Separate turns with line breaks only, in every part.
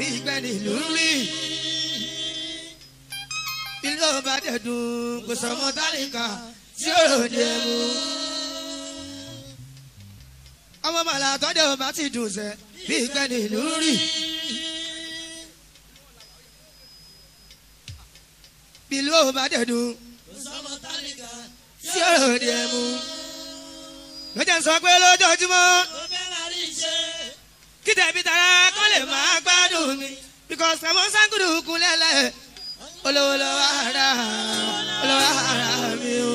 bí gbẹ́ni ìlú rí. ilé ọba dẹ̀dùn kò sọmọ tálíkà tí ó ròde mu. ọmọ màlà àtọ́jọ́ ọba ti dùn sẹ́ bí gbẹ́ni ìlú rí. ìlú ọba dẹ̀dùn kò tálíkà tí ó ròde mu. lọ́jà ń sọ pé lójoojúmọ́ kí tẹ̀bí tara lè máa gbádùn mi because kàmọ́ sáńkùdù kúnlẹ̀ lẹ̀ olówó lọ́wọ́ ara olówó ara mi o.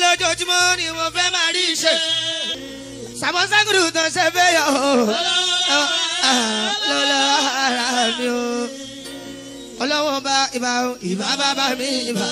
lójoojúmọ́ ni mo fẹ́ máa rí iṣẹ́ sàmọ́ sáńkùdù tán ṣe fẹ́ yọ o lọ́wọ́ ara mi o ọlọ́wọ́ bá ibà o ìbà bàbá mi ibà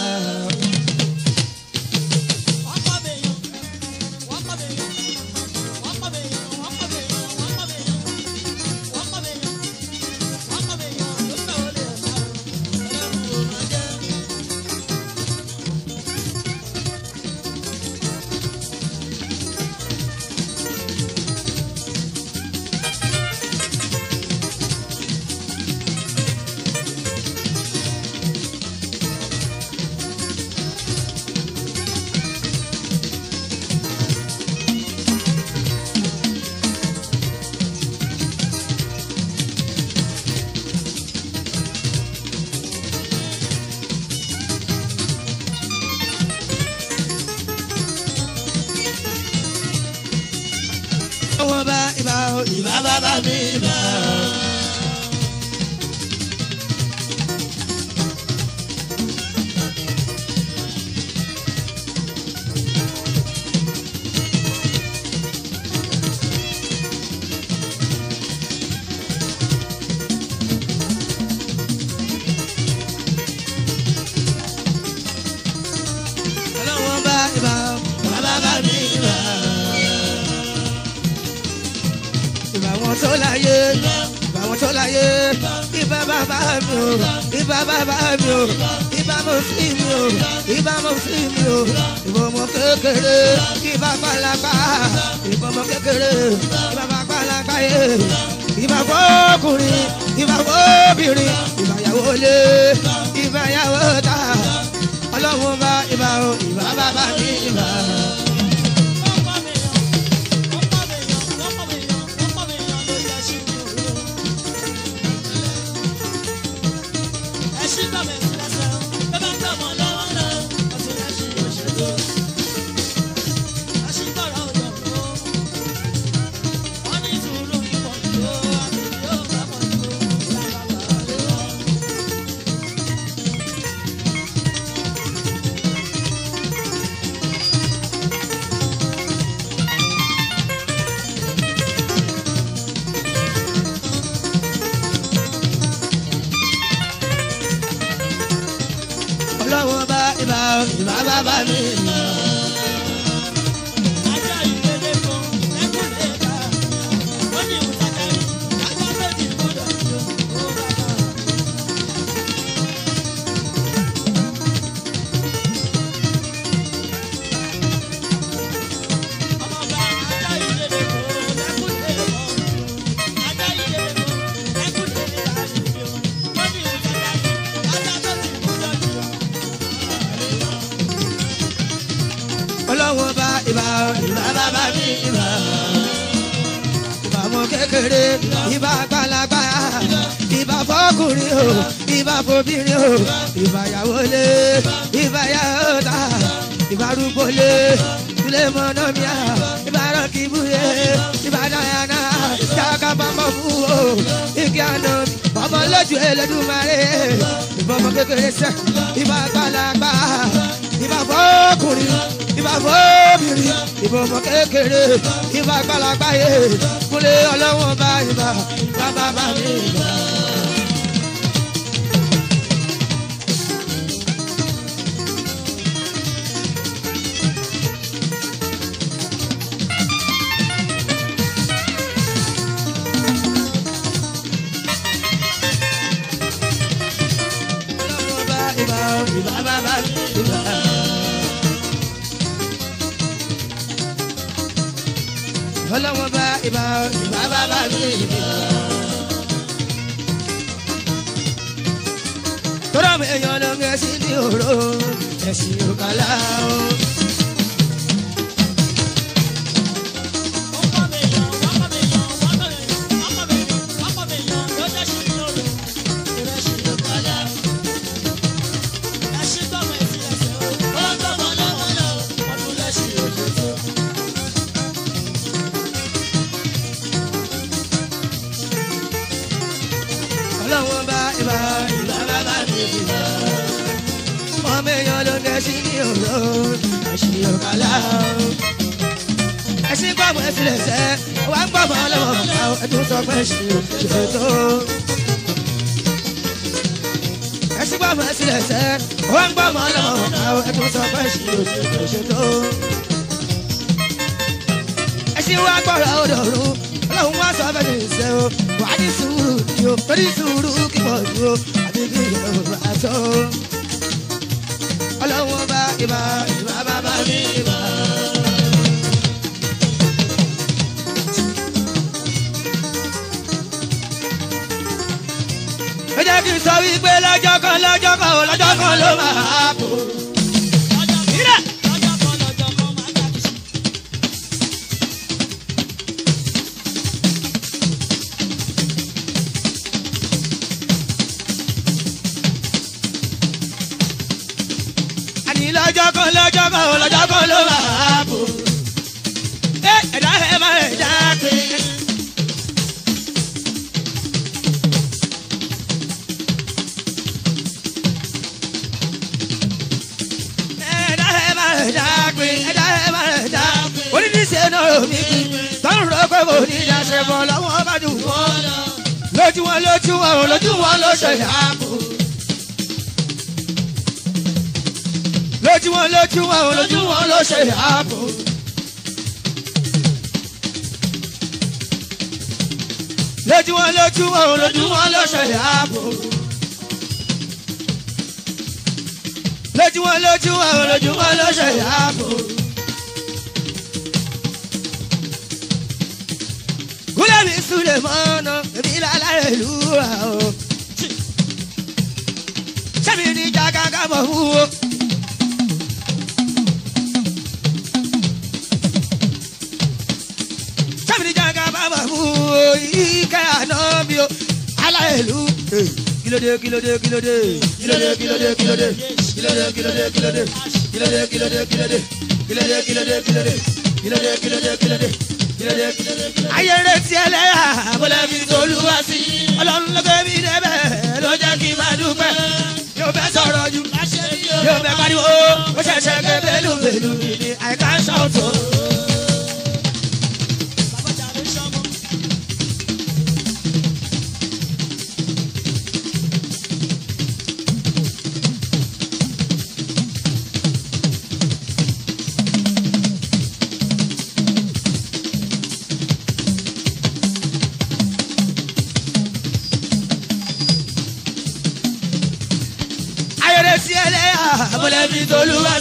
bàwọn tó láyé
bàwọn tó láyé
ibà bàbá mi o ibà bàbá mi o ibà mo sí mi o ibà mo sí mi o ìbọn mo kékeré ibà pàlàpà ìbọn mo kékeré ibà pàlàpà yé ibà fọkùnrin ibà fọbìnrin ibà yàwó lé ibà yàwó ta ọlọ́run bá ibà o ibà bàbá mi ibà. David. fobìnrin o ìbàyàwó lé ìbàyàwó ta ìbárúgbó lé ilé mọ́nàmíà ìbàdàn kìbúyé ìbàdàn yàrá káàkà pamọ́ fún o igi àná ọmọ lójú ẹlẹ́dùnmáre ìbọ̀mọ̀ kékeré sẹ́ ìbá gbalagbà ìbá fọ́ọ̀kùnrin ìbá fọ́ọ̀bìnrin ìbọ̀mọ̀ kékeré ìbá gbalagbà yé kúlé ọlọ́wọ́n bá ìbá bàbá bá mi ìbá. ṣì ó ṣì ò ṣe tó ṣe tó. ẹ ṣí wá gbọ́rọ̀ òdòrún ọlọ́run wá sọ fẹ́ẹ́ ṣe o wà á ní sùúrù ni o lórí sùúrù kí pọ̀ ju o àbí kí ìyẹn ò bá tó. ọlọ́run bá ìbá ìbá bá bá mi ìbá. ẹ jẹ́ kí n sọ wípé lọ́jọ́ kan lọ́jọ́ kan ò lọ́jọ́ kan ló máa bò. ṣẹbọ lọ́wọ́ bá dùn wọ́n lọ. lójú wọn lójú wọn ò lójú wọn ló ṣe àpò. lójú wọn lójú wọn ò lójú wọn ló ṣe àpò. lójú wọn lójú wọn ò lójú wọn ló ṣe àpò. lójú wọn lójú wọn ò lójú wọn ló ṣe àpò. Fúlàní Súlè mọ́nà èmi lálá ìlú wa o. Sẹ́mi ní jàgàgà mọ̀ fún o. Sẹ́mi ní jàgàgà mọ̀ fún o. Ìkẹ́ àná mi o. Alá ìlú. Kílódé kílódé kílódé. Kílódé kílódé kílódé. Kílódé kílódé kílódé. Kílódé kílódé kílódé. Kílódé kílódé kílódé. Kílódé kílódé kílódé ayẹyẹ tí ẹlẹ́yà abọ́lẹ̀ fi tolúwa sí ọlọ́run ló gbé mi débẹ̀ ló jẹ́ kí n máa dúpẹ́ yóò bẹ́ sọ̀rọ̀ jù yóò bẹ́ pariwo ó ṣẹ̀ṣẹ̀ kẹ́ bẹ́lú bẹ́lú mi ni I can shout.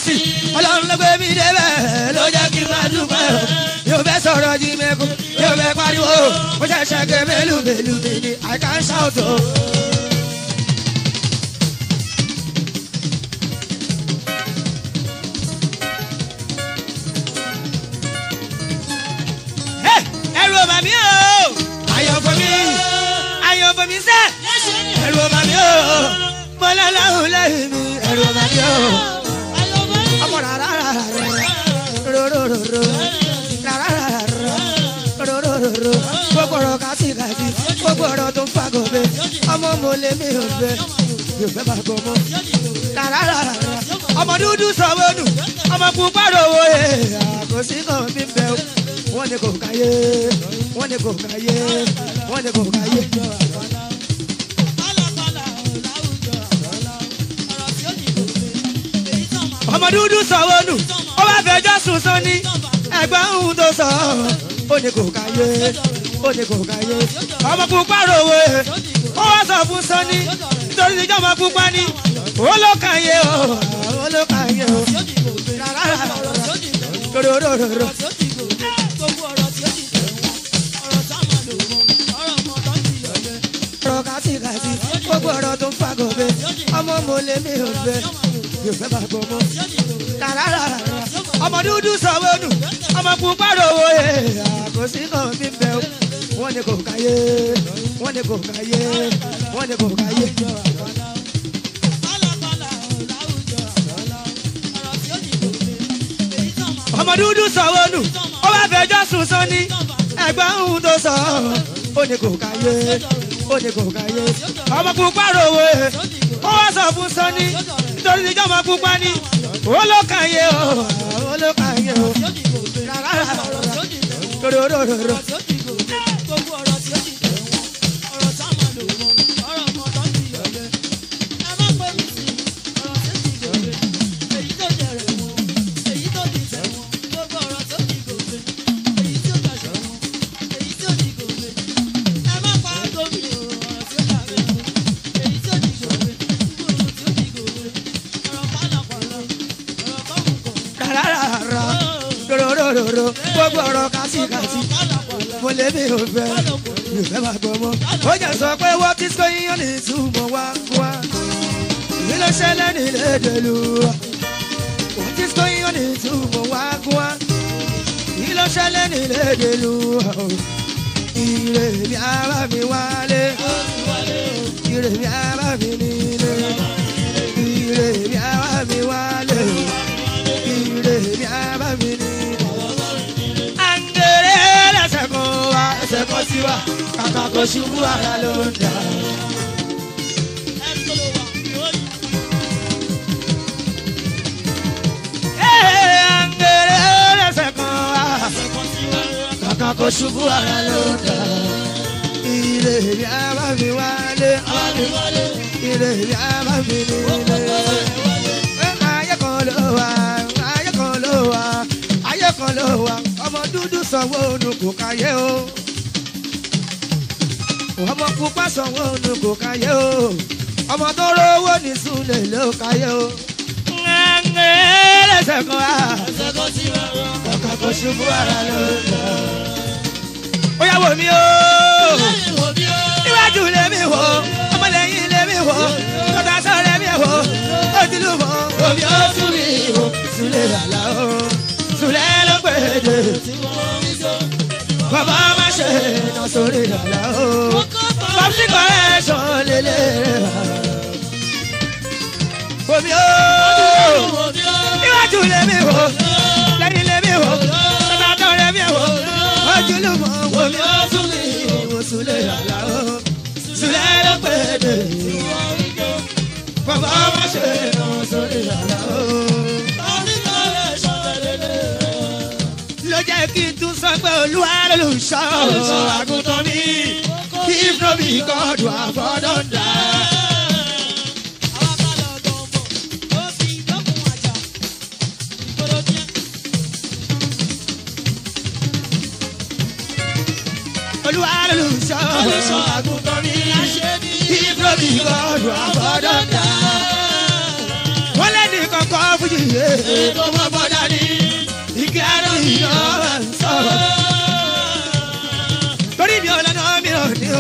sí ọlọ́run ló gbé mi débẹ̀ ló jẹ́ kí n máa dúpẹ́ yóò fẹ́ sọ̀rọ̀ jí mẹ́kún yóò fẹ́ pariwo mo ṣẹ̀ṣẹ̀ gé mélòó mélòó mi ni I can shout o. Oh. ẹrù ọba mi o. ayọ̀ fún mi. ayọ̀ fún mi sẹ́. ẹrù ọba mi o. mọ́lá láhùn lẹ́yìn mi ẹrù ọba mi o. fẹ́ ọmọ mo lè mi ò fẹ́ mi ò bá gbọ́ rárá ọmọ dúdú sanwó nù ọmọ pupa lówó yẹ àkòsí kan mi fẹ́ o wọ́n ní kò káyé wọ́n ní kò káyé wọ́n ní kò káyé. ọmọ dúdú sanwó nù ó bá sùn sọ ní ẹgbẹ́ òun tó sọ ó ní kò káyé bóde kò ká yé. ọmọ pupa ròwe ó wá sọ fún sani nítorí ti jọmọ pupa ni ó ló kà yé o ó ló kà yé o. rorororo. ọ̀rọ̀ kásìkásì gbogbo ọ̀rọ̀ tó ń fagòbe ọmọ mo lè mi ò fẹ́ yóò fẹ́ bàbá ọmọ. kàràràrà ọmọ dúdú sọ̀wọ́nù ọmọ pupa ròwe àkòsí kan mi bẹ̀ ọ́ wọ́n ní kò káyé wọ́n ní kò káyé wọ́n ní kò káyé. ọmọ dúdú sọ̀wọ́ nù ó bá fẹjọ́ sùn sán ní ẹgbẹ́ òun tó sọ ó ní kò káyé ó ní kò káyé. ọmọ pupa ròwe ó wá sọ fún sani nítorí níjọ́ ọmọ pupa ni ó ló káyé ó ló káyé ó. gbogbo ọ̀rọ̀ kásìkásì mo lè mi ò fẹ́ mi ò fẹ́ máa gbọ́ mọ́. ó yẹ sọ pé wọ́n kí sọ yíyan ní ìtumọ̀ wá wá nílé ṣẹlẹ̀ nílé èdèlú wa. wọ́n kí sọ yíyan ìtumọ̀ wá wá nílé ṣẹlẹ̀ nílé èdèlú ìrèmí ara mi wálé ìrèmí ara mi ní. kan kò ṣubú ara ló ń dà. Kankan kò ṣubú ara ló ń dà. Ire ìrìn àbá mi wálé, ire ìrìn àbá mi nílé. Ayé kan ló wà, ayé ló wà, ọmọ dúdú sanwó-òdùn káyé o ọmọ pupa sanwó ni kò káyé o ọmọ tó rówó ní sùlẹ̀ ló káyé o. ẹlẹ́sẹ̀ kan wá ọkà kò ṣubú ara ló lọ. ó yá wò o níwájú lè mi wò ọmọlẹ́yìn lè mi wò ọ̀tá sọ̀rọ̀ mi wò ó ti omi ó tún mi wò sùlẹ̀ bàlá o sùlẹ̀ ló pèdè tí wọ́n Baba má ṣe iná sórí dàda o pàṣẹ kọ́lẹ́ṣọ̀ lélẹ̀ rẹ̀ wá. omi o níwájú lèmi wò lẹ́yìn lèmi wò tọ́tàtọ́ lèmi wò ojúlùmọ̀ wò mí ó sùn mí wò sùlẹ̀ dàda o sùlẹ̀ ló pè é dè. bàbá má ṣe. sọ pé olúwa lolùṣọ́ àgùntàn mi if no be God wa fọdọ̀ ń dà. olúwa àgùntàn mi if no be God wa fọdọ̀ ń dà. wọ́n lẹ́nu kọ̀ọ̀kan fújì yé. ètò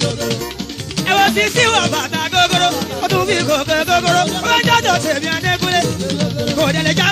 gogoro. ẹ wo ti sí wọ bàtà gogoro ó tún fi gòkè gogoro ó jọjọ tèmi adékúnlé kò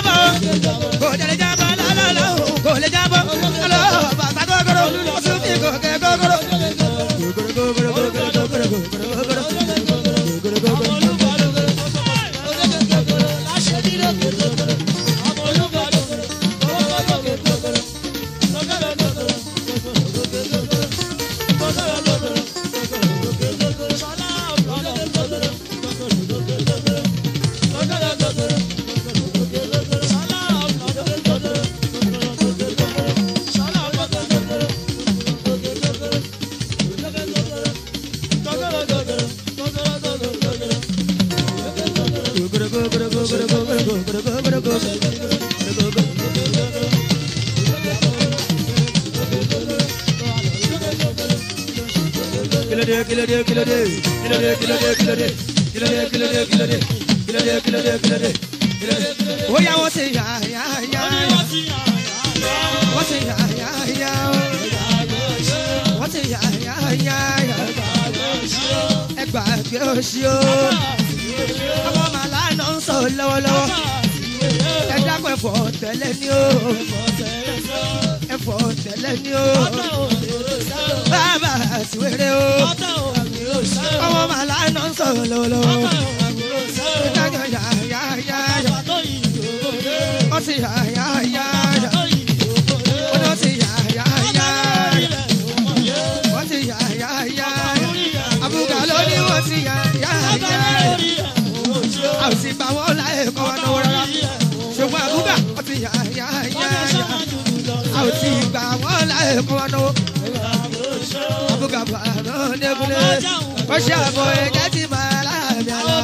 wọ́n ṣe àbọ̀ ẹ̀jẹ̀
ti máa láàbí àlọ́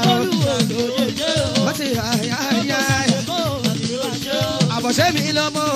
wọ́n ti àyà yá àbọ̀ṣẹ́ mi lọ́mọ́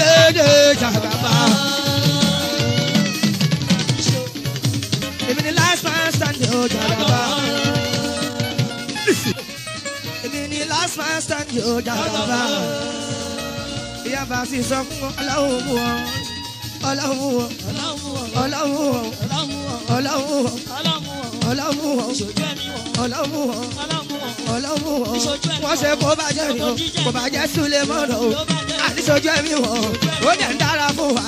dédé jàgbá. Èmi ni last man standing o jàgbá. ni last man standing o jàgbá. Ìyá bá sì sọ fún ọlọ́wọ́ mu ọ. Ọlọ́wọ́ wọ. Ọlọ́wọ́ wọ. Ọlọ́wọ́ wọ. Ọlọ́wọ́ wọ. Ọlọ́wọ́ wọ. Ọlọ́wọ́ wọ. Wọ́n ṣe kó bàjẹ́ ni o, kò bàjẹ́ Sulemọ́nà o níṣojú ẹ̀mí wọ̀ ó dẹ̀ ń dára fún wa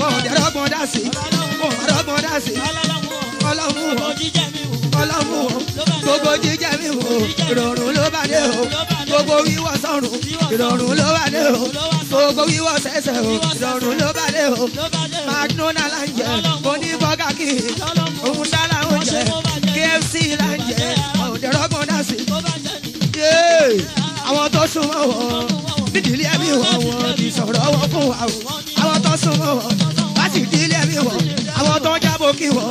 kò dẹ̀ rọ́gbọ́n dá sí kò má rọ́gbọ́n dá sí ọlọ́mú wọ̀ ọlọ́mú wọ̀ gbogbo jíjẹ mi wò ìrọ̀rùn ló bá dé o gbogbo wíwọ̀ sọ̀rùn ìrọ̀rùn ló bá dé o gbogbo wíwọ̀ sẹ́sẹ̀ o ìrọ̀rùn ló bá dé o magnona là ń jẹ oníbọ́gà kì í òun dára ó jẹ KFC là ń jẹ ọ̀dẹ̀ rọ́gbọ́n dá sí àwọn tó súnmọ́ wọ̀ nídìí ilé wọ̀ wọ̀ ti sọ̀rọ̀ wọ́n fún wa o àwọn tó sún mọ́ wọn wá sì dílé mi wọ̀ àwọn tó jábọ̀ kí wọ̀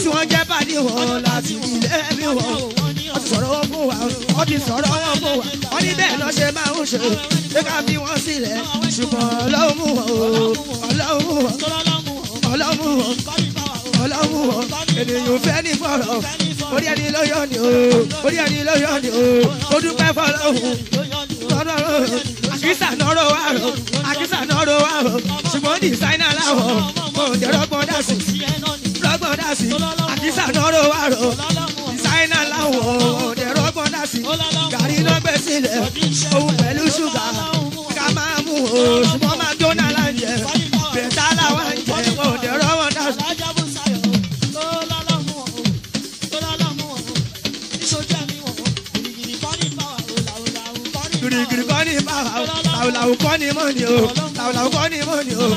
tí wọ́n jẹ́ bàdí wọ̀ láti dílé mi wọ̀ wọ́n ti sọ̀rọ̀ wọ́n fún wa o wọ́n ti sọ̀rọ̀ wọ́n fún wa wọ́n ní bẹ́ẹ̀ lọ ṣe máa ń ṣe o ṣé ká fi wọ́n sílẹ̀ ṣùgbọ́n ọlọ́run mú wọn o ọlọ́run mú wọn ọlọ́run mú wọn ọlọ́run ènìyàn fẹ́ ní fọ̀rọ̀ orí ẹni ló ni o orí ẹni ló yọ ni o ó dúpẹ́ fọlọ́run fọlọ́run àkísà nọ́rọ̀ wà rọ̀ àkísà nọ́rọ̀ wà rọ̀ ṣùgbọ́n dìsáínà láwọ̀ kò jẹ́ rọ́gbọ́n dà sí rọ́gbọ́n dà sí àkísà nọ́rọ̀ wà rọ̀ dìsáínà láwọ̀ kò jẹ́ rọ́gbọ́n dà sí gàrí náà gbé sílẹ̀ òun pẹ̀lú ṣúgà ká máa mú o ṣùgbọ́n máa jóná láǹjẹ̀ bẹ̀tà láwàǹj làwùlàwù kọ́ ni mọ̀ ni o làwùlàwù kọ́ ni mọ̀ ni o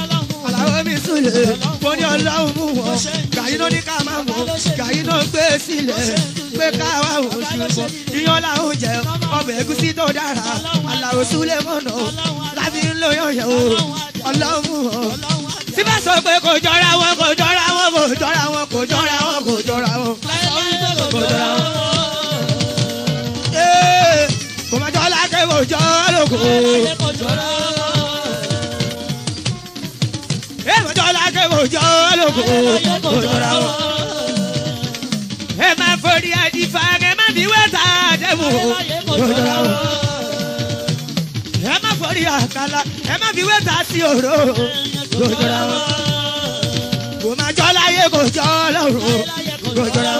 àlàó mi súnlẹ̀ mo ní ọlọ́run mú wọn gàyí ló ní ká máa wọ gàyí ló gbé sílẹ̀ pé káwa ò ṣùgbọ́n iyán làwọn jẹ ọbẹ̀ ẹ̀gúsí tó dára àlàó súnlẹ̀ mọ̀nà láti ń lo yọ̀yẹ̀ o ọlọ́run mú wọn. tí bá sọ pé kò jọra wọn kò jọra wọn kò jọra wọn kò jọra wọn kò jọra wọn kò jọra wọn. kò má jọ lákẹ́ kò jọra ológun. èmọ̀jọ́ lákẹ́ mọ̀jọ́ ológun òjòra wọn. ẹ má forí àdìfà ẹ má bí wẹ́tà àdẹ́mù òjòra wọn. ẹ má forí àkàlà ẹ má bí wẹ́tà sí òró òjòra wọn. kò má láyé kò jọ́ lọ́rùn òjòra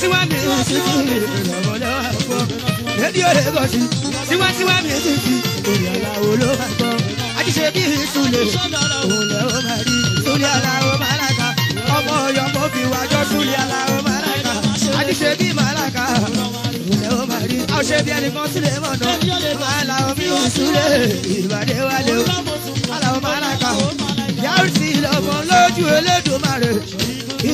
Siwa mi ò sí fún mi lọ́wọ́ lọ́wọ́ àpọ̀ rédíò lè gọ̀ Siwa siwa mi ti fi orí aláwo ló bá gbọ́ àtìṣe bí ìsúlẹ̀ òun lẹ̀ ó máa rí sórí aláwo màláka ọmọ ọyọ kò fi wájọ sórí aláwo màláka àtìṣe bí màláka òun lẹ̀ ó máa rí àwòṣe bí ẹnì kan sílẹ̀ mọ̀nà aláwo mi ò súlẹ̀ ìbàdí wálé o aláwo màláka yàrá sí ìlọ́gbọ̀n lójú Elédùmarè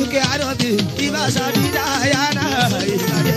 ke arobi iba sabi dayana iba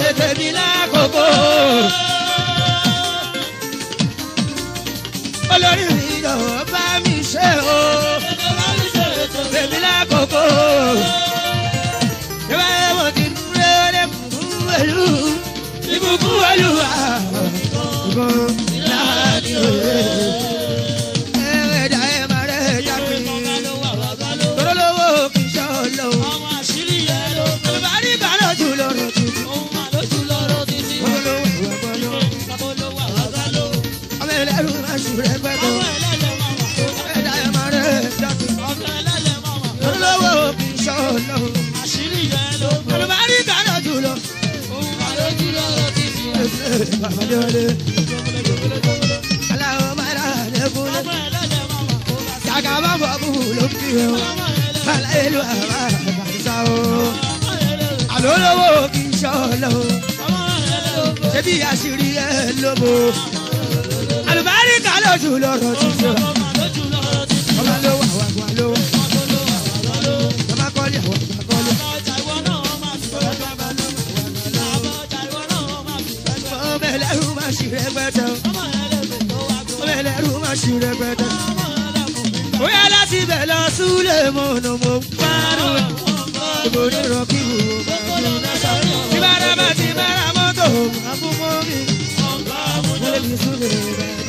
ṣe tèmi lákòókò. olórí mi yóò bá mi ṣe o tèmi lákòókò. ìwà ẹ̀wọ̀n ti dúró lẹ́kùnkún wẹ̀lú ìbùkún wẹ̀lú àwọn ìbọn. wale wale. aláwọ̀ mara lè kúlẹ̀. sàkà bá bọ̀ bù ló fi wẹ̀ o. aláyé lu àbá àbàtà o. àlólówó kì í ṣọlọ. ṣebí àṣírí ẹ lóbo. àlùbáríkà lójú lọ́rọ̀ tuntun.
ọba ló wà wà wà ló wà.
ti rẹpẹtẹ. ó yẹ láti bẹ̀ lọ súlẹ̀ mọ́nà mo parọ́ ìbò nírọ̀ kí wò ó bá mi náà sáré. tí bá dábàá ti bára mọ́tò àbúmọ́ mi mo lè fi súlẹ̀ rẹ̀.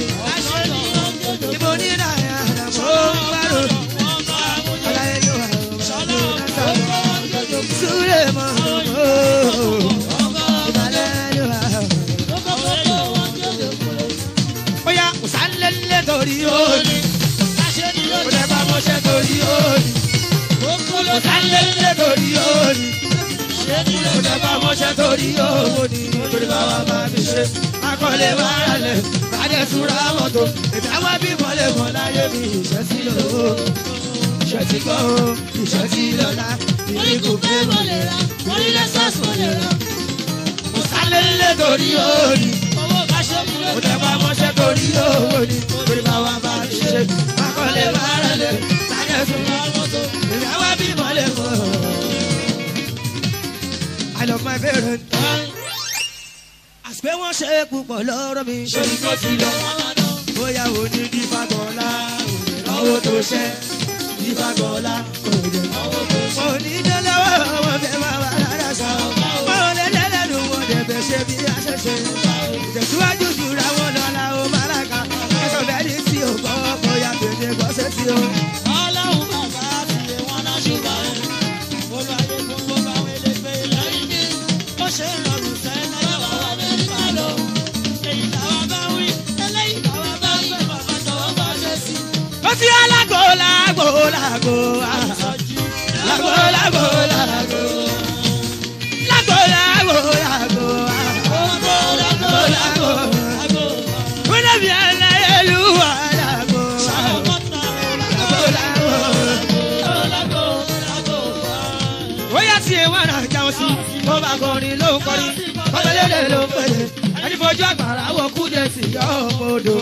Èkìlẹ̀ òde bá mọ́ṣẹ́ torí owó ni torí báwa máa fi ṣe. Akọ̀lẹ̀ wá rálẹ̀, kájẹ́ túnra mọ́tò. Ìdáwọ́ bí mọ́lẹ̀ mọ́ láyé mi ìṣẹ́ sí lọ́wọ́. Ìṣẹ́ ti gbọ́ o, ìṣẹ́ ti lọ́la. Orí kò fẹ́ mọ́lẹ̀ ra, orí lẹ́sọ̀sì mọ́lẹ̀ ra. Kò sálẹ̀ nílé torí owó ni. Owó bá ṣe kúrò. Òde bá mọ́ṣẹ́ torí owó ni torí báwa máa fi ṣe. Akọ̀lẹ̀ wá rálẹ̀, kájẹ́ túnra mọ́tò. Ìdáwọ́ b I love my parents. Àṣpé wọ́n ṣe púpọ̀ lọ́rọ̀ mi. Ṣé ní kò ti lọ? Bóyá o ní bí Fágbọ́lá, òwe lọ́wọ́ tó ṣẹ́. Bí Fágbọ́lá, òwe lọ́wọ́ tó ṣẹ́. Onídélẹ́wọ̀ wọn fẹ́ máa wà rárá sọ. Báwo lẹ́lẹ́lẹ́nu wọn dẹ̀ bẹ̀ ṣe bí aṣẹ́ṣe. Ìtẹ̀síwájú lágbo lágbo lágbo lágbo lágbo lágbo lágbo lágbo lágbo lágbo wúlọ́bì aláyélúwà lágbo lágbo lágbo lágbo bóyá tí ẹ wọn náà jáwọ́ sí bó bá kọrin ló ń kọrin bọ́bẹ́lẹ́lẹ́ ló ń pẹ̀lẹ́ ẹni fojú àgbàrá wọ kúdẹ̀sì yọ ọ́ mọ́dọ̀.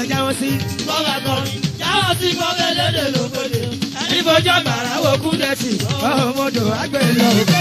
ò jáwọ́ sí. bọ́lá kọrin jáwọ́ sí gbọ́gẹ́lẹ́dẹ̀ lókòdè. ẹni fojú àgbàrá wo kúndẹ̀sì. ọmọdé àgbẹ̀ lọ.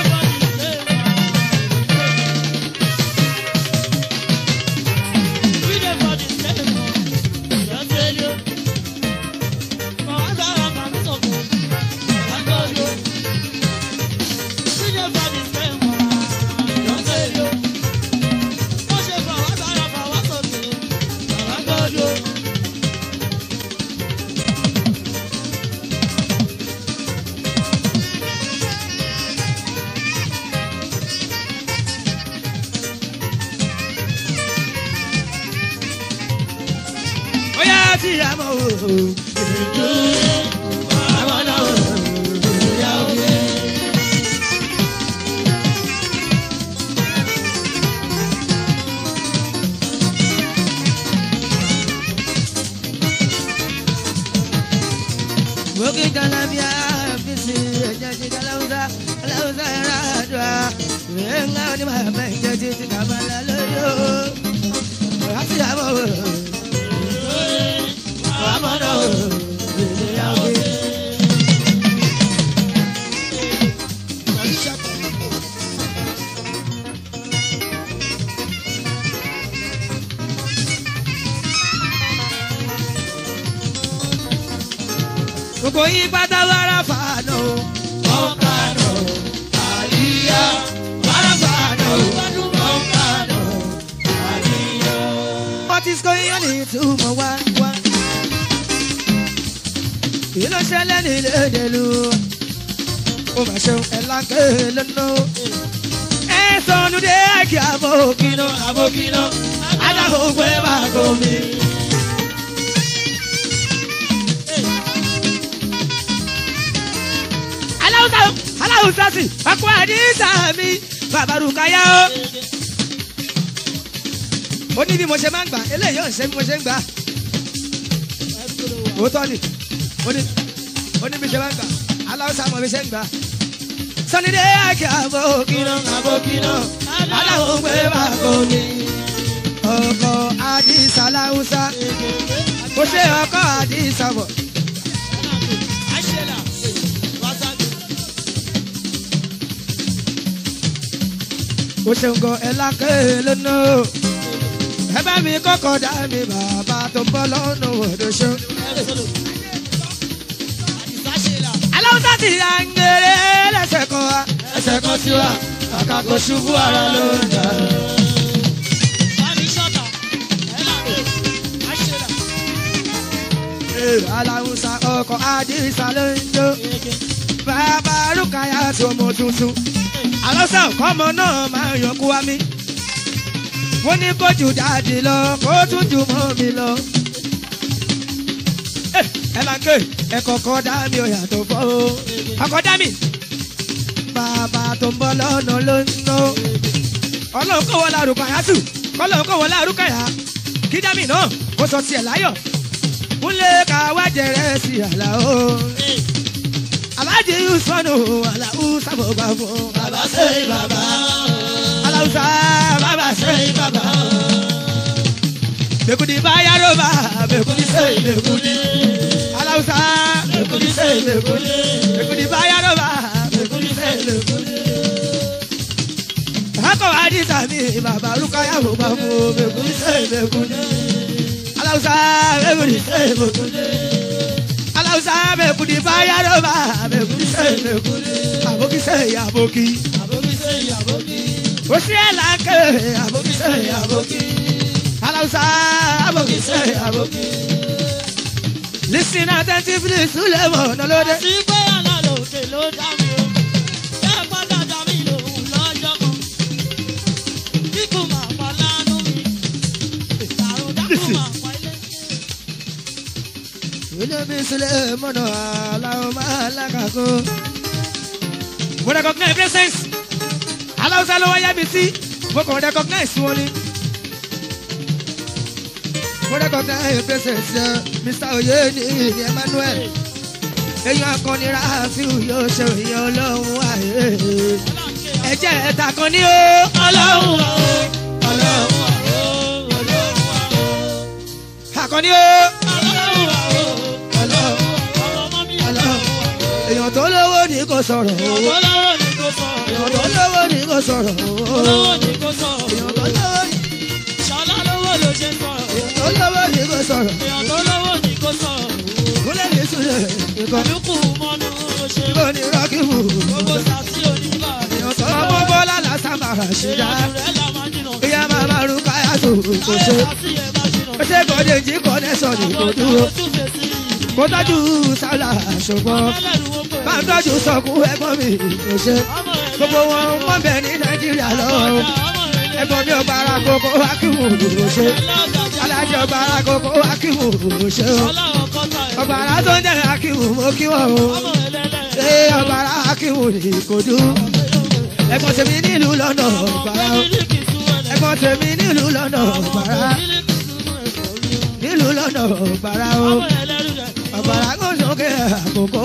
akeleno esonu de aki abokino abokino adahogwe bagomi. aláwùsá sí ọkọ àdìsá mi babarukaya ó ní bí mo ṣe máa ń gbà eléyìí ò ń ṣe bí mo ṣe ń gbà òótọ́ ni ó ní bí ṣe máa ń gbà aláwùsá mo fi ṣe ń gbà. Sunday àṣà àbòkínà àbòkínà aláwọ̀ pé bàbá ni. ọkọ̀ àdìsá láwùsá kò ṣe ọkọ̀ àdìsá bọ̀. o ṣeun gan ẹ lákè lónà ẹ bá mi kọ́kọ́ dá mi bàbá tó ń bọ́ lọ́nà ọ̀dọ́ṣọ́ haúsá ti ya ń gbèrè lẹ́sẹ̀ kan wa. ẹsẹ̀ kan ti wá kàkàkó ṣubú ara ló ń jà. aláwùsá ọkọ̀ àdìsá ló ń jó bàbá rúkàyà tó mọ tuntun àlọ́sà kọ́mọ náà máa yọ kú wa mi. wọ́n ní kó jù lọ kó tún jù mọ́ mi lọ. Eh, ẹ ẹ là ń ké ẹ kọ́kọ́ dá mi ọ̀yà tó bọ́ o. ọkọ̀ dá mi. bàbá tó ń bọ́ lọ́nà ló ń ná. ọlọ́run kò wọ lárúkọ àyàtù kọ́lọ́run kò wọ lárúkọ yà. kí dá mi náà ó sọ tiẹ̀ láyọ̀. kúnlé káwá jẹrẹ sí àlà o. aláàjì sọnù aláwù sábọ̀gbà fún. bàbá ṣe bàbá. aláwù sá bàbá ṣe bàbá. Bekudi bayaro ba, bekudi se bekudi hausa. Maikudi sai maikudi. Maikudi ba yaroba. Maikudi sai maikudi. Akọ̀ Adisa mi bàbá Rúkà yàwó bá mú maikudi sai maikudi. Alausa maikudi sai maikudi. Alausa maikudi ba yaroba. Maikudi sai maikudi. Aboki sai aboki. Aboki sai aboki. Oṣiẹ̀lá kẹ́ aboki sai aboki. Alausa aboki sai aboki. Listen attentively, Sulemo, Nalode. Àṣìgbé àlàlò òkè ló dá mi o. Ṣé ẹ̀kọ́ dàda mi lòun lọ́jọ́ kan? Kíkùn máa pa lánú mi. Ìtàrọ̀ dákùn máa pa ilé. Ilé mi Sulemo náà, aláwọ̀ máa lákàkó. Mo recognize blessings. Aláwọ̀ sálọ́wọ́ yá mi sí. Mo kàn recognize wọn ni mo recognize places Mr. Oyeni Emmanuel èèyàn akọni Rafiu yóò ṣe òye ọlọ́run àyè ẹ̀jẹ̀ ẹ̀ta kan ní o ọlọ́run ọlọ́run akọni o èèyàn tó lówó ni kò sọ̀rọ̀ o èèyàn tó lówó ni kò sọ̀rọ̀ o èèyàn tó lówó ni kò sọ̀rọ̀ o. sọ̀rọ̀. èèyàn tó lówó ni kò sọ̀rọ̀. kúlẹ̀ ní sílẹ̀ nìkan. àlùkù mọ́nú ṣe. ibo ni rọ́kìmù. gbogbo sàtí onígbà. èèyàn tó lówó. ọmọ bọ́lá lásàmà ràṣídà. ìyá màmá ru káyà tó kò ṣe. ó sálà ṣùgbọ́n. bá sọkún ẹ̀gbọ́n mi kò ṣe. gbogbo wọn mọ̀ bẹ́ẹ̀ ní Nàìjíríà lọ́wọ́ ẹ̀gbọ́n mi ò bára kókó wá kí ṣe àjọba àkókò akíwò ṣe o. ọ̀bàrà tó ń jẹ́ akíwò mo kíwọ̀ o. ṣé ọ̀bàrà akíwò ní kojú. ẹ̀gbọ́n tèmi nílùú lọ́nà ọ̀bàrà o. ẹ̀gbọ́n tèmi nílùú lọ́nà ọ̀bàrà. nílùú lọ́nà ọ̀bàrà o. ọ̀bàrà kò sókè àkókò.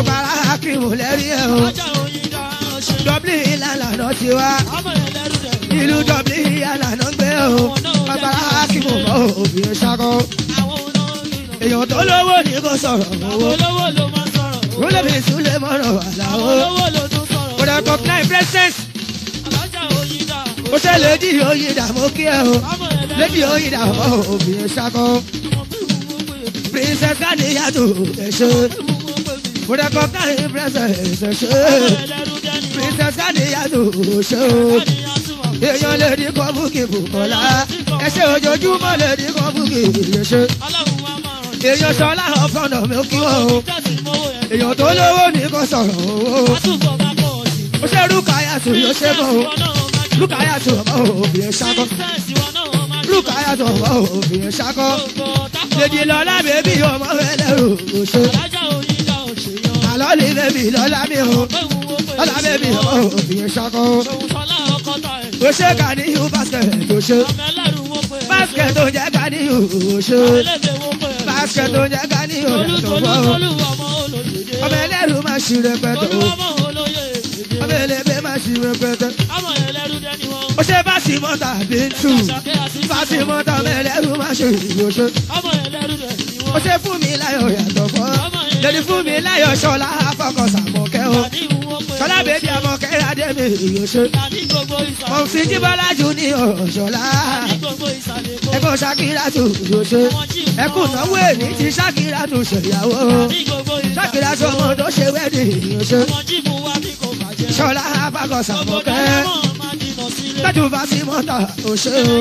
ọ̀bàrà akíwò lẹ́rí ẹ̀ o. dọ́bìlì ìlànà ti wá ìlú dublin alànà ń gbé o agbára kí mo mọ òfin ṣakọ. èèyàn tó lówó ni kò sọ̀rọ̀ owó rúlẹ̀ mi sùn lè mọ̀rọ̀ àlàó kò dẹ̀ kọ́ nine presents. mo ṣe lèdi oyinda mo kí ẹ o lèdi oyinda mo òfin ṣakọ. princess kaniyatu ẹ̀ṣẹ́ mo dẹ̀ kọ́ nine presents ẹ̀ṣẹ́ princess kaniyatu ẹ̀ṣẹ́ èèyàn lè rí kan búkì bùkọ́lá ẹsẹ̀ ojoojúmọ́ lè rí kan búkì ìrẹsẹ̀. èèyàn sọlá ọ̀fọ̀nà mi kí wọ́n o èèyàn tó lówó ní kò sọ̀rọ̀ owó. ó ṣe rúkàyà tó yóò ṣe mọ́ o rúkàyà tó ọmọ obìnrin ṣakọ́ rúkàyà tó ọmọ obìnrin ṣakọ́ lèdí lọ́lá bèbí ọmọ ẹlẹ́rù òṣè
àlọ́ lè bèbí lọ́lá mi o
lọ́lá bèbí ọmọ obìnrin ṣakọ́ ó ṣe Ganiyu basket ó ṣe basket tó jẹ́ Ganiyu ó ṣe basket tó jẹ́ Ganiyu rẹ̀ tó wọ́ ọmọ ẹlẹ́rù máa ṣì rẹpẹtẹ ọmọ ẹlẹ́bẹ̀ máa ṣì rẹpẹtẹ
ó ṣe Fatimota Bintu Fatimota ọmọ ẹlẹ́rù máa ṣe
ìyóṣe ó ṣe Fúnmiláyọ̀ yàtọ̀ fọ́ lórí Fúnmiláyọ̀ ṣọlá afọkọ̀sàmọ̀kẹ́ o ṣọlá bèbí àmọ́ kẹ́lá dẹ́mi ìyọ̀ṣẹ́. mọ̀sí jíbọ́lá junior ṣọlá. ẹ̀kọ́ ṣàkírà tó yọ̀ṣẹ́. ẹ̀kú náwó èmi ti ṣàkírà tó ṣèyàwó. ṣàkírà tó ọmọ tó ṣe wẹ́ẹ̀dì ìyọ̀ṣẹ́. ṣọlá abákọ̀sà mọ̀kẹ́. tọ́jú fásimọ́tà òṣèré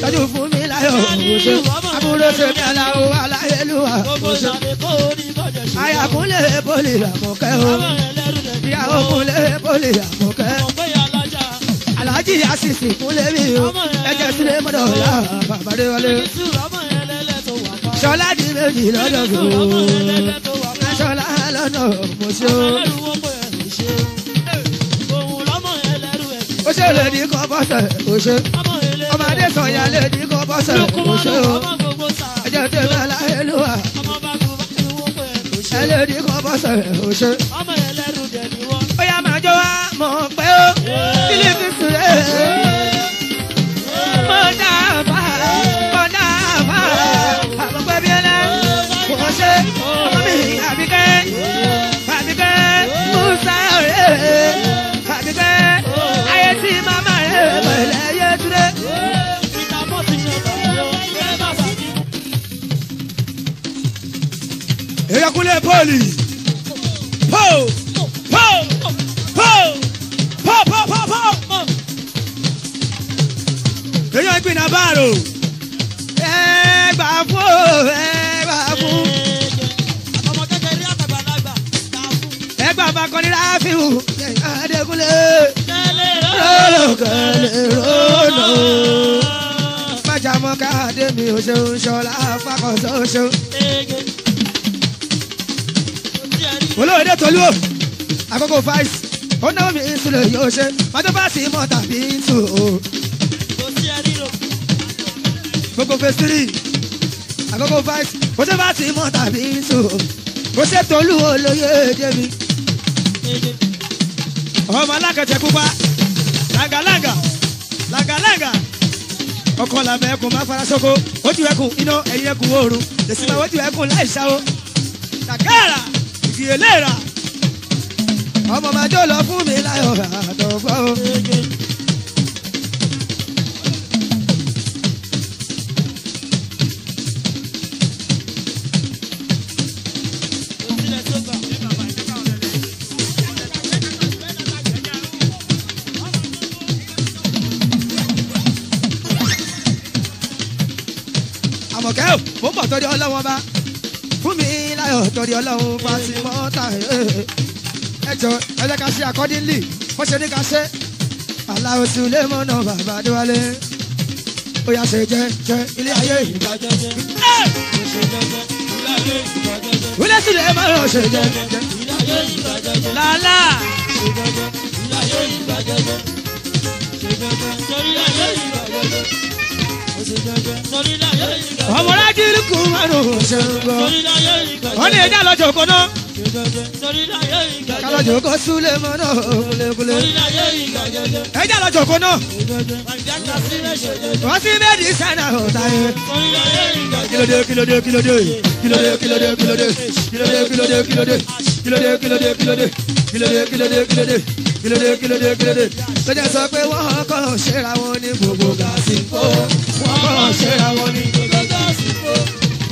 tọ́jú fún mi láyọ̀ òṣèré. àbúrò ṣèmi aláwọ̀ aláyélúwà òṣèré. Aya kúnlẹ̀ bólì làmọ̀kẹ́ o. Ìyàwó kúnlẹ̀ bólì làmọ̀kẹ́. Alhaji Asisi kúnlẹ̀ mi o. Ẹ̀jẹ̀ sílé mọ́dọ̀ ọ̀la bàbá rẹ̀ wọlé. Ṣọlá di méjì lọ́dọ̀ gbòòrò. Ṣọlá lọ́dọ̀ mọ̀ṣẹ́ o. Ó ṣe lè ní kọ́ bọ́sẹ̀ òṣè. Ọmọdé sọ̀yà lè ní kọ́ bọ́sẹ̀ òṣè o. Ẹ̀jẹ̀ tẹ̀lé aláhẹ́lú wa ẹlẹ́dì kan bọ́ sọ̀rọ̀ òṣè. ọmọ yẹn lẹ́rù jẹ̀ ó yá máa jó wá mọ̀ pé ó kí ni fi sùn rẹ̀. mo dáàbà mo dáàbà àgbẹ̀gbẹ̀ bí ẹlẹ́ kò ṣe omi àbíkẹ́ àbíkẹ́ musa rẹ̀ àbíkẹ́ ayé tí màmá rẹ̀ pẹ̀lẹ́ yé dúró. ìtàbọ̀ ti ṣe tán. ẹ̀yà kúnlẹ̀ pọ́ọ̀lì pọ́ọ̀ pọ́ọ̀ pọ́ọ̀ pọ́ọ̀ pọ́ọ̀ pọ́ọ̀ pọ́ọ̀. èèyàn ìpín náà báàrò ẹ gbà fún ẹ gbà fún. ọmọ kékeré àtàgbà náà gbà fún. ẹ gbà bá kọ́ni láàfin Adékúnlé. kẹ́lẹ́ rọ́ọ̀lù kẹ́lẹ́ rọ́ọ̀lù. májàmọ́ káàdé mi ò ṣeun ṣọlá fákọ̀ọ́ ṣoṣo olóòdè tolú o àkókò vice ó náwó mi ń sulè yóò ṣe mọ́tòfáàsì mọ́ tàbí ń tù o. gbogbo phase three àkókò vice mọ́tòfáàsì mọ́ tàbí ń tù o. mo ṣe tolú olóyè èdè mi. ọmọ alákẹ̀jẹ̀ pupa làgàlàgà làgàlàgà ọkọ làbẹ ẹkùn máa fara sóko ojú ẹkùn iná ẹyin ẹkùn oòrùn tẹsí máa wọjú ẹkùn láì ṣáwó. Takara! èjì eléra ọmọ máa jó lọ fún mi láyọ̀ àtọ̀gbọ́. àmọ̀kẹ́ ò mọ̀ tọ́jú ọlọ́wọ́n bá torí ọlọ́run Fatimota ẹ jọ ẹ jẹ́ ká ṣe accordingly wọ́n ṣe ní ká ṣe aláwọ̀ sí ilé mọ́nà bàbá adéwálé ó yà ṣe jẹ́ jẹ́ ilé ayé ìbàjẹ́ jẹ́ ilé sí ilé mọ́nà ṣe jẹ́ jẹ́ lálá ṣe jẹ́ jẹ́ ilé ayé ìbàjẹ́ ilé ayé ìbàjẹ́ ọmọ rákìrì kù márùn ṣẹ́ńgọ́ wọ́n ní ẹja lọ́jọ́ kọ́ náà kálọ́jọ́ kọ́ súlẹ̀ mọ́ náà kúlẹ̀kúlẹ̀ ẹja lọ́jọ́ kọ́ náà wọ́n sí méjì sẹ́nà ọ̀tá yẹn kílódé kílódé kílódé kílódé kílódé kílódé kílódé kílódé kílódé kílódé kílódé kílódé kílódé kílódé kílódé kílódé kílódé kílódé lọ́jà sọ pé wọ́n kọ́ ṣẹ́ra wọn ní gbogbo gàsípò wọ́n kọ́ ṣẹ́ra wọn ní gbogbo gàsípò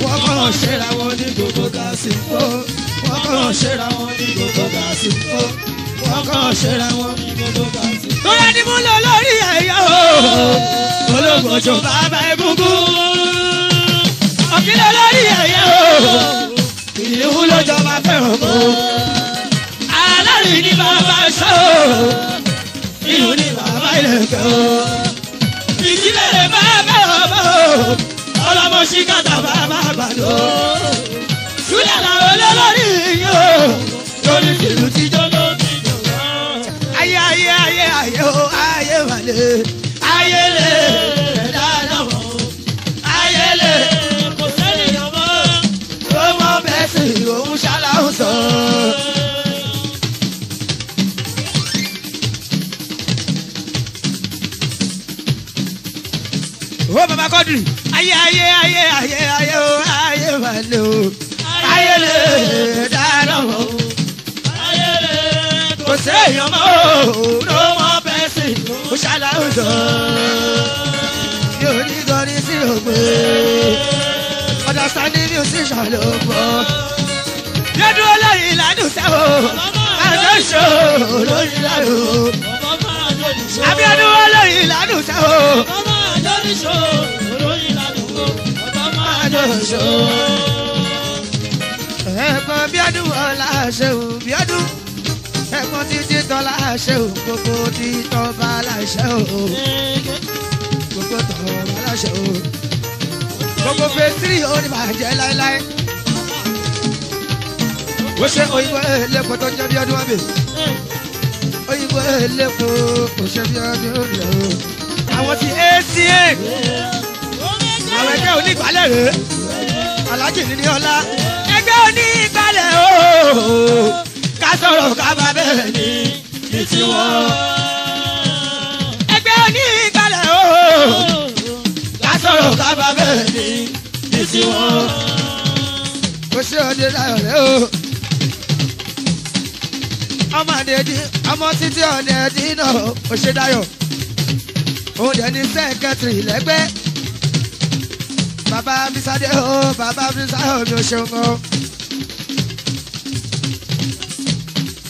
wọ́n kọ́ ṣẹ́ra wọn ní gbogbo gàsípò wọ́n kọ́ ṣẹ́ra wọn ní gbogbo gàsípò wọ́n kọ́ ṣẹ́ra wọn ní gbogbo gàsípò. tọ́lá ni mo lọ lórí ẹ̀yọ́ ológun bàbá egungun ọ̀kìlọ̀ lórí ẹ̀yọ́ ìlú lọ́jọ́ bá fẹ́ràn o inú ni bàbá ìlẹ̀kẹ̀ o ìdílé lè má bẹ́ ọmọ o ọlọ́mọ ṣìkàtà bàbá àgbàdo súlẹ̀ làwọn olólórí yìí o lórí tìlù tíjọ́ ló ti jọ̀wọ́. ayé ayé ayé ayé o ayé ayé ayé ayé ayé ayé o ayé mà lè o ayé lè dáná o ayé lè kò séèyàn mọ́ o ló mọ bẹ́ẹ̀ sì kò ṣàlàyé yóò ní gọ́ni sí ògbé understanding music ló gbọ́. Dédú olórí ìlànà sẹ́wọ̀, àjọ ìṣòro olórí ìlànà. Abíọ́dún olórí ìlànà sẹ́wọ̀, àjọ ìṣòro lọ́sọ̀. ẹ̀gbọ́n bíọ́dún ọ̀la ṣe ò bíọ́dún ẹ̀gbọ́n títí tọ́lá ṣe ò gbogbo títọ́ bá láṣẹ ò gbogbo tọ́ bá láṣẹ ò gbogbo fetiri oníbàjẹ́ láéláé ó ṣe òyìnbó ẹlẹ́kọ̀ọ́ tó ń jẹ́ bíọ́dún wá bè òyìnbó ẹlẹ́kọ̀ọ́ kò ṣe bíọ́dún rẹ̀ o àwọn ti acn àwọn ẹgbẹ́ onígbàlẹ̀ rèé alájì ní ọlá ẹgbẹ́ onígbàlẹ̀ ooo ká sọ̀rọ̀ ká bá bẹ̀rẹ̀ ní
ní tiwọn.
ẹgbẹ́ onígbàlẹ̀ ooo ká sọ̀rọ̀ ká bá bẹ̀rẹ̀ ní ní kò sí ọdẹ dayọ̀ rẹ o ọmọ àdèdí ọmọ títí ọdẹ dínà òṣèdáyọ̀ òun dẹni sẹkẹtìrì lẹ́gbẹ̀ẹ́ bàbá mi sáde o bàbá mi sáde o mi ò ṣeun o.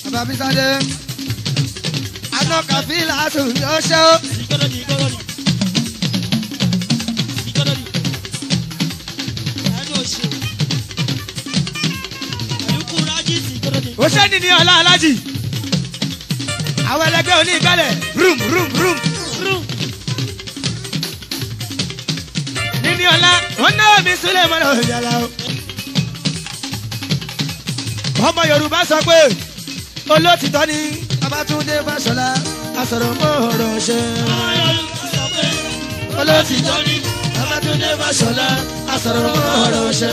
bàbá mi sáde aná kàfílà tù mi ò ṣe o. ó ṣe nìyí ọlá alájì àwọn ẹlẹgbẹ́ onígbẹ́lẹ̀ rúm rúm rúm. ọ̀nà mi sílẹ̀ mọ́ra òjàlá o. ọmọ yorùbá sọ pé olótìtọ́ ni Babátúndé Fáṣọlá asọ̀rọ̀ mọ́ọ̀rọ̀ ṣe. olótìtọ́ ni Babátúndé Fáṣọlá asọ̀rọ̀ mọ́ọ̀rọ̀ ṣe.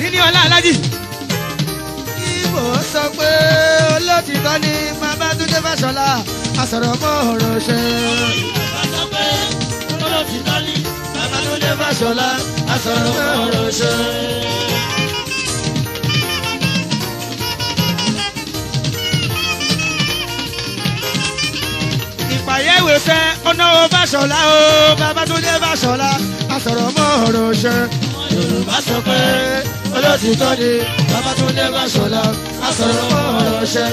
níní ọlá alájì. ibo sọ pé olótìtọ́ àṣọlá ni bàbá tó dé fàṣọlá àṣọrọ mọ ọ̀rọ̀ ṣe. bàbá tó dé fàṣọlá fẹ́ ọ̀nà fàṣọlá o bàbá tó fàṣọlá àṣọrọ mọ ọ̀rọ̀ ṣe. Yorùbá sọ pé olótìtọ́ ni Babátúndé Fáṣọlá asọ̀rọ̀ mọ́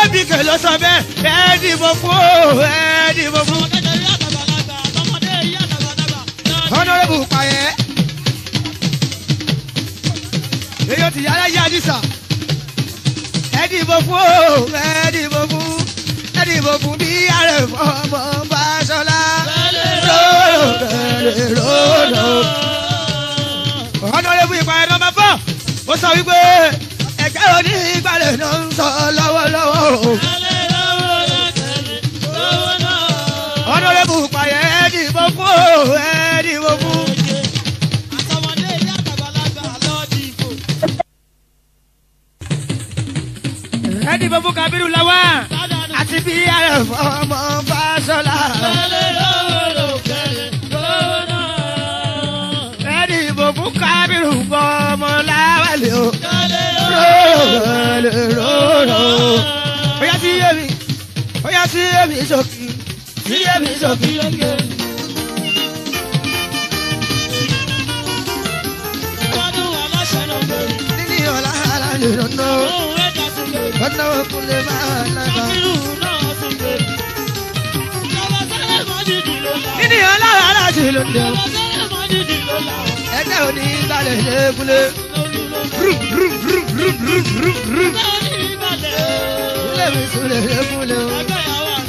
ebi kẹlẹ sọ bẹ́ẹ̀ ẹ dìbò fún o ẹ fún. ọ̀nàrẹ́bù pààyẹ́ èyí ti yára yá àdìsá ẹ dìbò fún o ẹ fún dìbò fún bí ààrẹ fọmọ bá sọlá. lọ́lọ́ lọ́lọ́ lọ́lọ́. ọ̀nàrẹ́bù ìpààyàn nọ́mbà fọ́ ó sọ wípé ẹ̀jẹ̀ òní ìgbàlẹ̀ náà ń sọ lọ́wọ́lọ́wọ́ o. ọ̀nàrẹ́bù ìpààyàn ẹ̀ dìbò fún o ẹ̀ dìbò fún. ẹ̀ dìbò fún Kabiru Lawan ti fi ààrẹ fọmọ Fáṣọlá. ẹni ìbò fún Kábírù bọ ọmọ láwàlẹ̀ o. Oya sí èmi, oya sí èmi sókè, sí èmi sókè. Nínú ọ̀la ara lè rọ̀nà, ọ̀nà òkun lè máa la. alára ara ti ló dé o. ẹgbẹ́ òní balẹ̀ ṣe kúlé. kúlẹ̀ mi sùn lè ṣe kúlẹ̀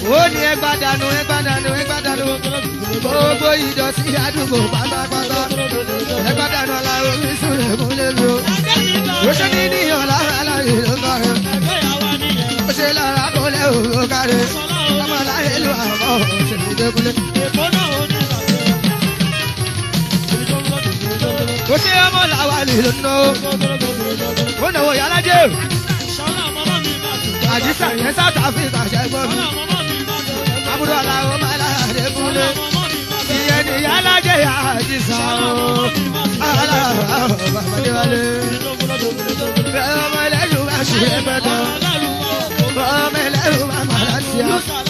o. ó ní ẹgbà dànù ẹgbà dànù ẹgbà dànù. gbogbo ìdọ̀tí àdúgbò pátápátá. ẹgbà dànù alára mi sùn lè kúlẹ̀ mi o. ó ṣe ní níyàn lára alára ìlú kárẹ̀. ó ṣe lára kúlẹ̀ òwò kárẹ̀ ìlú àwọn òṣèlú dẹ́kunlé. èkó náà ó ní ìlànà. kò sí ọmọ làwọn àlejò náà. ó nà wọ yàrá jẹ́ o. àdìsá yẹn South Africa ṣẹ́gbọ́n mi. àbúrò làwọn máa lára dẹ́kunlé. ìyẹn ni yàrá jẹ́ àdìsá o. àlà àbàdéwálé. bẹ́ẹ̀ ọmọ ẹlẹ́yìn wá sí ẹgbẹ́ tán. ọmọ ẹlẹ́yìn wá màrá sí àwọn.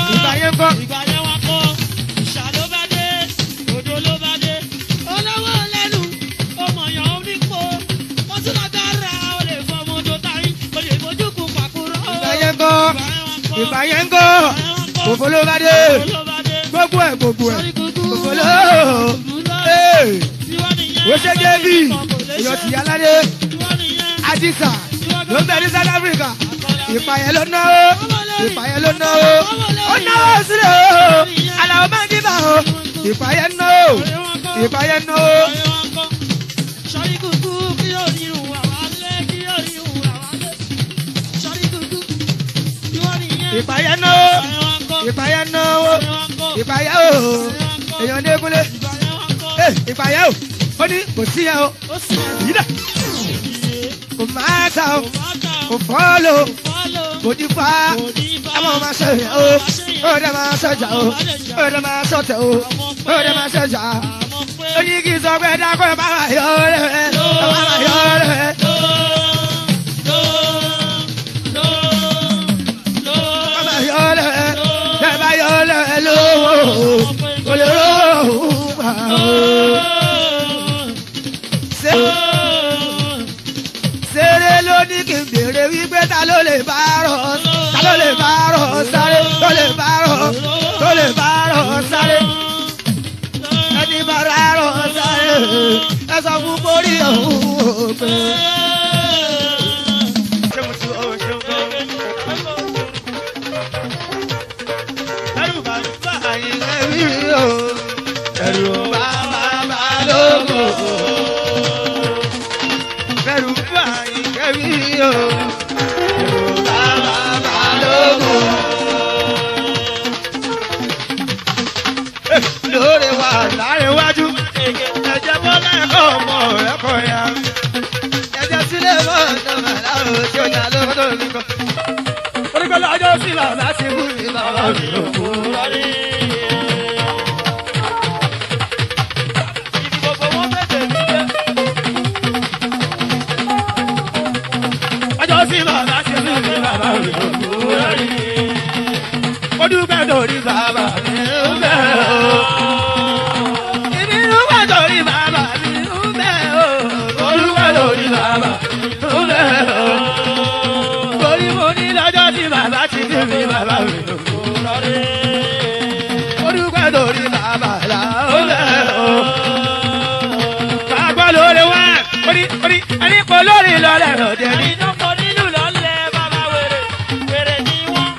ìgbà yẹn kọ́. ìgbà yẹn wá kọ́ ìṣà ló bá dé òdo ló bá dé olówó lẹ́nu ọmọọyàn onípo ó tún lọ dára ó lè fọ ọmọ tó ta yín ó lè fojú kù pàkúrọ́. ìgbà yẹn kọ́ ìgbà yẹn kọ́ òfò ló bá dé gbogbo ẹ̀ gbogbo ẹ̀ òfò ló ó ṣe jẹ́ bí ìyọ̀tì aládé adisa ló ń bẹ ní South Africa ìpayẹ ló náwó ìpayẹ ló náwó ó náwó sílẹ̀ o aláwọ̀ máa ń dìbà o ìpayẹ náwó ìpayẹ náwó. ìpayẹ náwó ìpayẹ náwó ìpayẹ o èèyàn dégúnlé ìpayẹ o ó ní kò sí ẹ o yìí dà kò máa ta o kò fọ́ lo kò ní fa ọmọ máa ṣẹ̀yà o ó dẹ̀ máa ṣẹ̀jà o ó dẹ̀ máa ṣọ̀tẹ̀ o ó dẹ̀ máa ṣẹ̀jà. onígi sọ pé dákọ̀ ẹ̀ máa ló lè bá rọ̀ ta ló lè bá rọ̀ sáré tó lè bá rọ̀ tó lè bá rọ̀ sáré ẹni bá rà rọ̀ sáré ẹ sọ fún borí òun pé. Oh lọ́lẹ̀ òde ní. àyìn tó kọ nílùú lọ́lẹ̀ bàbá wèrè wèrè ní wọ́n.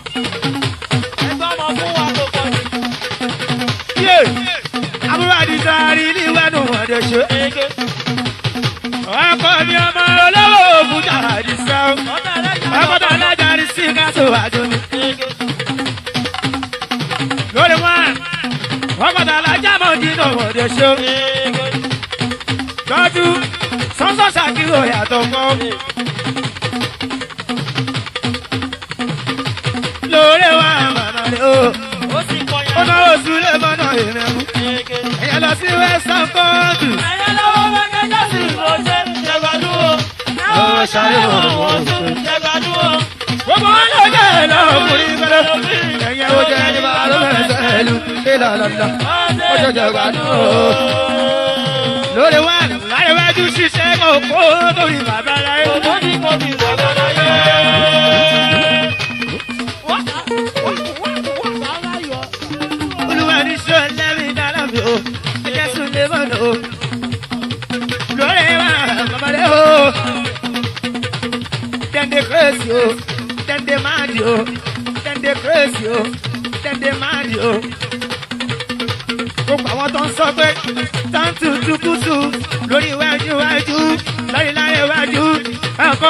ẹgbẹ́ ọmọ fún wa tó pọ̀ jù. yé
àbúrò àdìsá rí ní wẹ́nu ọ̀dẹ̀ ṣe.
ọkọ mi ọmọ olówó òkúta àdìsá o. ọkọ tó alájà rí sí káṣó àjò mi. lórí wọn ọkọ tó alájà mọ̀ dínà ọ̀dẹ̀ ṣe. lọ́dún ṣàkíyò yàtọ̀ kan. lóore wa mọ̀nà rẹ̀ o ọ̀nà oṣù lè mọ̀nà ìrìn mu. ẹ̀yẹ lọ sí western court. ẹ̀yẹ lọ́wọ́
bẹ́ẹ̀ jẹ́sí
ìrọ̀jẹ́ jẹ̀gbádùn o.
ó ṣàyẹ̀wò
wọn sùn jẹ̀gbádùn o. gbogbo wọn lọ jẹ́ ẹ̀ lọ́wọ́ kò ní bẹ́ẹ̀ lọ. ẹ̀yẹ ó jẹ́ ẹni bá ló bẹ̀rẹ̀ sẹ́ẹ̀lù ìlànà ọjọ́ jẹ̀gbádùn o. lóore wa mọ̀nà dájú ṣiṣẹ́ kò lórí bàbá láyé. ọ̀dọ́ ni mo fi bàbá láyé. olúwa ní sọ lẹ́mí dára mi o ẹ̀jẹ̀ sùn lè mọ̀ lọ. lórí wa bàbá rẹ̀ o dẹ́ndé o dẹ́ndé máàdì o dẹ́ndé kírésì o dẹ́ndé máàdì o. gbogbo àwọn tó ń sọ pé táǹtù tukutu.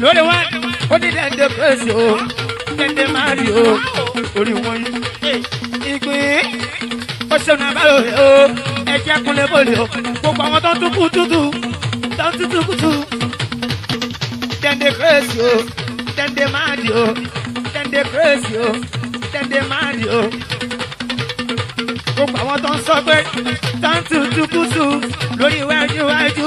lórí wọn only ní dẹ́ndé pèsè o dẹ́ndé máa rí o orí wọn ìgbín ó ṣẹ̀nà báyò o ẹ̀jẹ̀ kúnlẹ̀ bòlè o gbogbo àwọn tó ń tún kútútù tó ń tún kútù dẹ́ndé pèsè o dẹ́ndé máa rí o dẹ́ndé pèsè o dẹ́ndé máa rí o gbogbo àwọn tó ń sọ pé tó ń tún kútù lórí iwájú iwájú.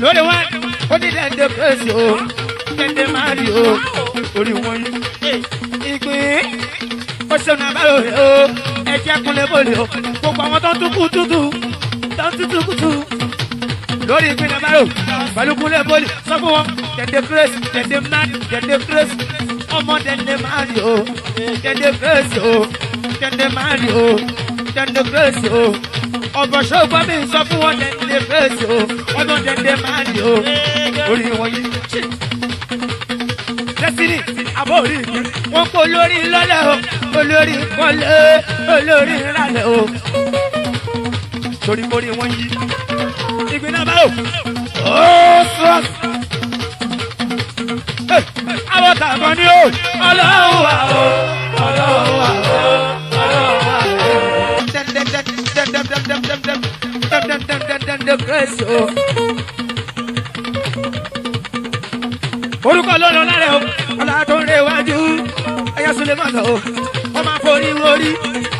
lórí wọn ó ní dẹ́ndé pèsè o dẹ́ndé máa rí o orí wọn yìí. ìgbín ó ṣe ọ̀nà àbáyọ rẹ̀ o ẹ̀jẹ̀ kúnlẹ̀ bọ̀lẹ̀ o gbogbo àwọn tó ń tún kú tútù tó ń tún tún kú tútù lórí ìpín nàbàrò pẹ̀lú kúnlẹ̀ bọ̀lẹ̀ sọ fún wọn dẹ́ndé pèsè dẹ́ndé máa dẹ́ndé pèsè ọmọ dẹ́ndé máa rí o dẹ́ndé pèsè o dẹ́ndé máa rí o dẹ́ndé pèsè o ọ̀bọ̀ ṣọ́gbọ́n mi sọ fún wọn dẹ̀dẹ̀ fèsì o ọdún dẹ̀dẹ̀ máa ń lò orí wọn yìí. destiny àbórí mi wọn kó olórí lọ́lẹ̀ o olórí kọ́lé olórí rálẹ̀ o torí mo rí wọn yìí. ìgbìnà bá o ó sọ. àwọn tàbọn ni o ọlọ́run wà o ọlọ́run wà o. ndókòso. orúkọ ló lọ lárẹ o ọlá tó ń rè wájú ẹyà sùlẹ̀ mọ̀ lọ o wọ́n máa forí wórí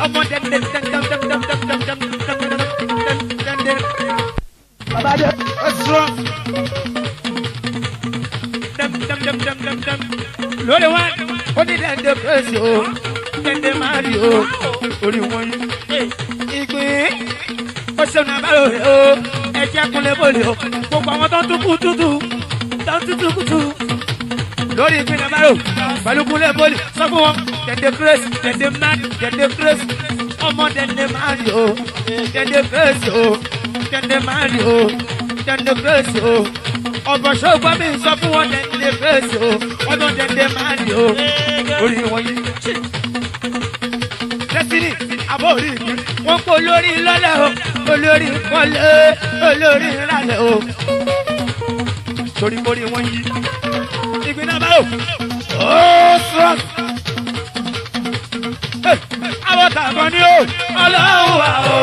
ọmọ dẹ́ndẹ́ndẹ́ndẹ́ndẹ́ndẹ́ndẹ́ndẹ́ndẹ́ndẹ́. bàbá dẹ́ ẹ sọ. lórí wa ó ní dẹ́ndẹ́kẹ́sì o dẹ́ndẹ́ máa rí o orí wọn yìí ṣẹ́nu abáyọ̀rẹ́ o ẹ̀jẹ̀ kúnlẹ̀ bòlè o gbogbo àwọn tó ń tún kú tútù tó ń tún kútù lórí ìpínlẹ̀ bárò pẹ̀lú kúnlẹ̀ bòlè sọ fún wọn dẹ̀dẹ̀ grace dẹ̀dẹ̀ man dẹ̀dẹ̀ grace ọmọ dẹ̀dẹ̀ mari o dẹ̀dẹ̀ grace o dẹ̀dẹ̀ mari o dẹ̀dẹ̀ grace o ọ̀bọ̀ ṣọ́gbọ́n mi sọ fún wọn dẹ̀dẹ̀ grace o ọdún dẹ̀dẹ̀ mari o orí wọn yìí destiny àbọ̀ orí ìpínlẹ̀ wọ́n kó olórí lọ́lẹ̀ o olórí kọ́lé olórí rálẹ̀ o. torí borí wọn yí ìgbìnà báyò ó sọ́ọ̀t. àwọn tàbọn ni ó ọlọ́run wà o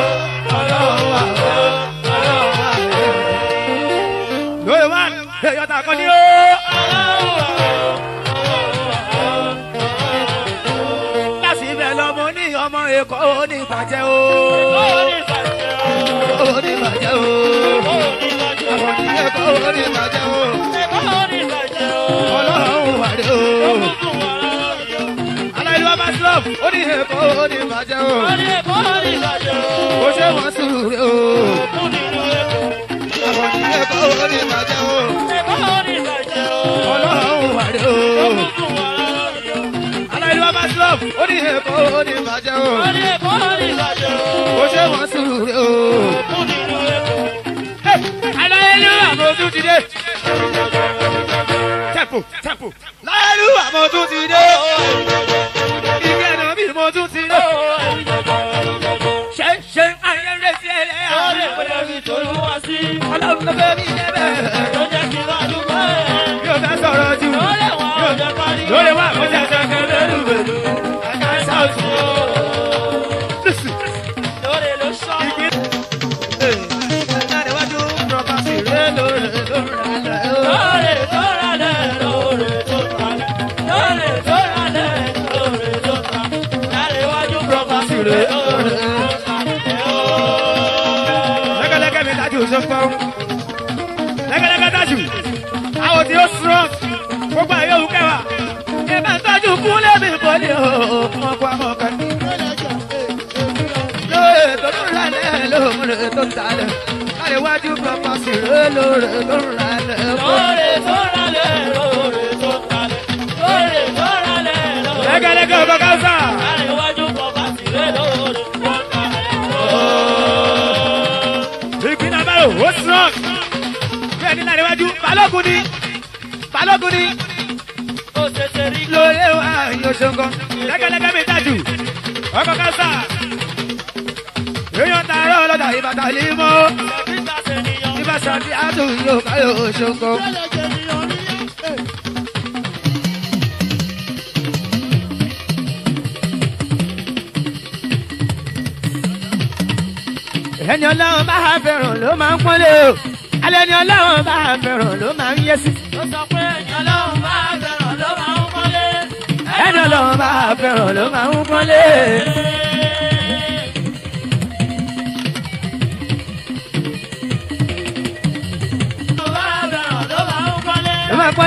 ọlọ́run wà o ọlọ́run wà o. lóye wá ẹ̀yọ́ta kan ni ó. kọ́ ó ní o. ó ní ìbàjẹ́ o. ó ní ìbàjẹ́ o. àwọn ìdílé kọ́ o. ó ní ìbàjẹ́ o. ọlọ́run wà dé o. aláìlú Aslam love. ní èkó ó ní ìbàjẹ́ o. ó ní èkó ó ní ìbàjẹ́ o. ó ṣe wọ́n sùúrù o. ó ní ìlú èkó. aláyé ló àmọ́ ojú ti dé. tẹ́pù tẹ́pù. láyé e ló àmọ́ ojú ti dé. ìgbẹ́ náà bí mo tún ti dé. ṣé ṣé ayé rẹ̀ sí ẹlẹ́yà. ọlọ́run ló fẹ́ mi tó lù wá sí. mi lẹ́bẹ̀ẹ́. lóore tó ta lẹ̀ káríwájú kan máa sì ré tó ń ra lẹ̀. lóore tó ń ra lẹ̀ lóore tó ń ta lẹ̀
lóore tó ń ra lẹ̀ lóore. lẹ́gẹ́lẹ́gẹ́ ọba káńsà. káríwájú kan máa
sì ré tó ń ta lẹ̀. ìpínlẹ̀ abẹ́rẹ́ ó sàn. bẹ́ẹ̀ ni láríwájú balógun ni balógun ni. ó wa yóò ṣe ń gan lẹ́gẹ́lẹ́gẹ́ mi dájú ọkọ̀ káńsà ìbàdàn límọ́
ìbàṣà bí àdùn yóò káyọ̀ òṣogbo.
ẹni ọlọ́run bá fẹ́ràn ló máa ń pọ́nlé o alẹ́ ni ọlọ́run bá fẹ́ràn ló máa ń yẹ sí. ó sọ pé ẹni ọlọ́run bá fẹ́ràn ló
máa ń pọ́nlé.
ẹni ọlọ́run bá fẹ́ràn ló máa ń pọ́nlé.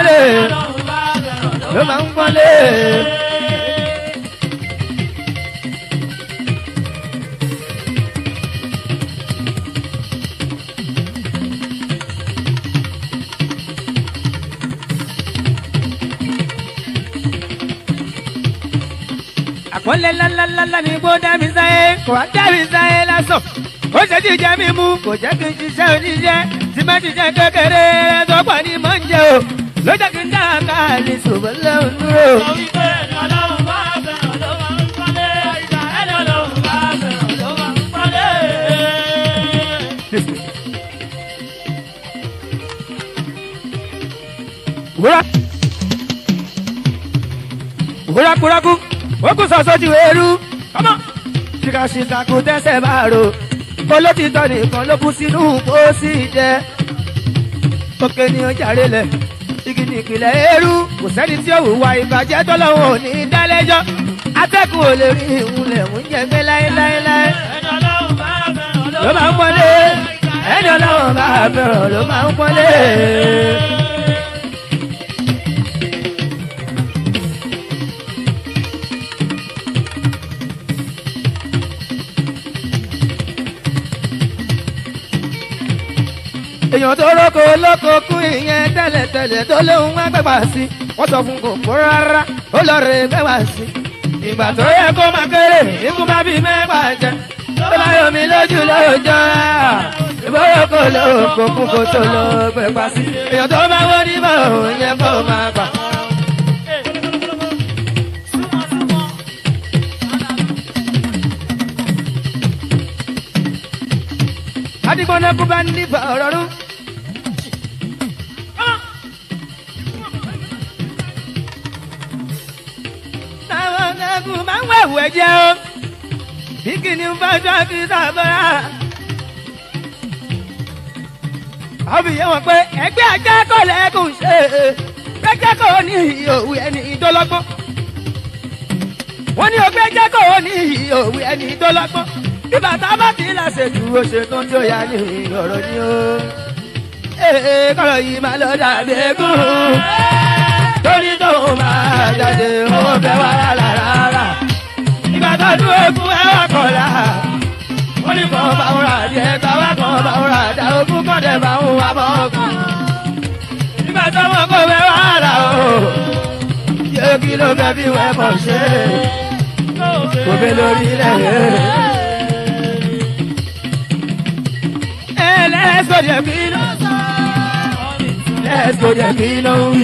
kọ́lé ló máa ń kọ́lé. àkọlé lálálálá ni bó dá mi sáyé kò wá dá mi sáyé lásán ó ṣe ti jẹ mímu kò jẹ́ kí n ṣiṣẹ́ oníṣẹ́ tí má ṣiṣẹ́ kékeré rẹ̀ tó pọ̀ ní mọ́ ń jẹ o lọ́jọ́ kí n dá káàdì ṣòfò lẹ́hùn dúró. Wúrakúrakú, ó kù sọ̀sọ́ ju Ṣìkàṣìkà kò tẹ́sẹ̀ máa rò. Olótìtọ́ nìkan ló kú sínú pósí jẹ. Òkè ni ó jàre lẹ̀ ìgìdì ìpìlẹ̀ eérú kò sẹ́ni tí ó hùwà ìbàjẹ́ tọ́lọ́hún ò ní dálẹ́jọ́ atẹ́kùn ò lè rí ìhunlẹ̀ ń jẹgbẹ́ láéláéláé ló máa ń pọ́nlé ẹni ọlọ́run bá fẹ́ràn ló máa ń pọ́nlé. èèyàn tó rọ́kò lóko kú ìyẹn tẹ́lẹ̀tẹ́lẹ̀ tó lóun wá gbẹ́gbà sí wọ́n sọ fún kò kó rárá ó lọ rè gbẹ́gbà sí. ìgbà tó yẹ kó máa kéré ikú bá bí mẹ́wàá jẹ tó bá yomi lójú lóòjọ́ ìbóròkò lóko kú kó tó lọ gbẹ́gbà sí. èèyàn tó bá wọ́n ní bọ̀ kó máa gbà. adigbonakun bá ní àwẹ̀ jẹ́ ó bí kìnìún bá dá kí sábàrà. àbí yẹ wọn pé ẹgbẹ́ akẹ́kọ̀ọ́ lẹ́kùn ṣe gbẹ́jẹ́kọ̀ọ́ ní òwú ẹni ìdólọ́gbọ́n. wọ́n ní ògbẹ́jẹ́kọ̀ọ́ ní òwú ẹni ìdólọ́gbọ́n. bí bàtà bá ti là ṣe ju oṣù tó ń tó yá ní ìrọ̀rọ̀ ni ó. ee kọ́rọ̀ yìí máa lọ dàbí eégún torí tó máa jáde ó fẹ́ wá lára tọdún ogun ẹ wá kọlá wọ́n ní kọ́ bá ń ra adìẹ gbà kọ́ bá ń ra àdá kọ́dẹ̀ bá ń wà bọ́ ọkàn nígbà tọ́mọ kò fẹ́ wá rà o yóò kí ló fẹ́ bí wọ́n bọ̀ ṣe kò fẹ́ lórí ilẹ̀ ẹ kí ló sọ lẹ́sọ̀ jẹ̀ kí ló ń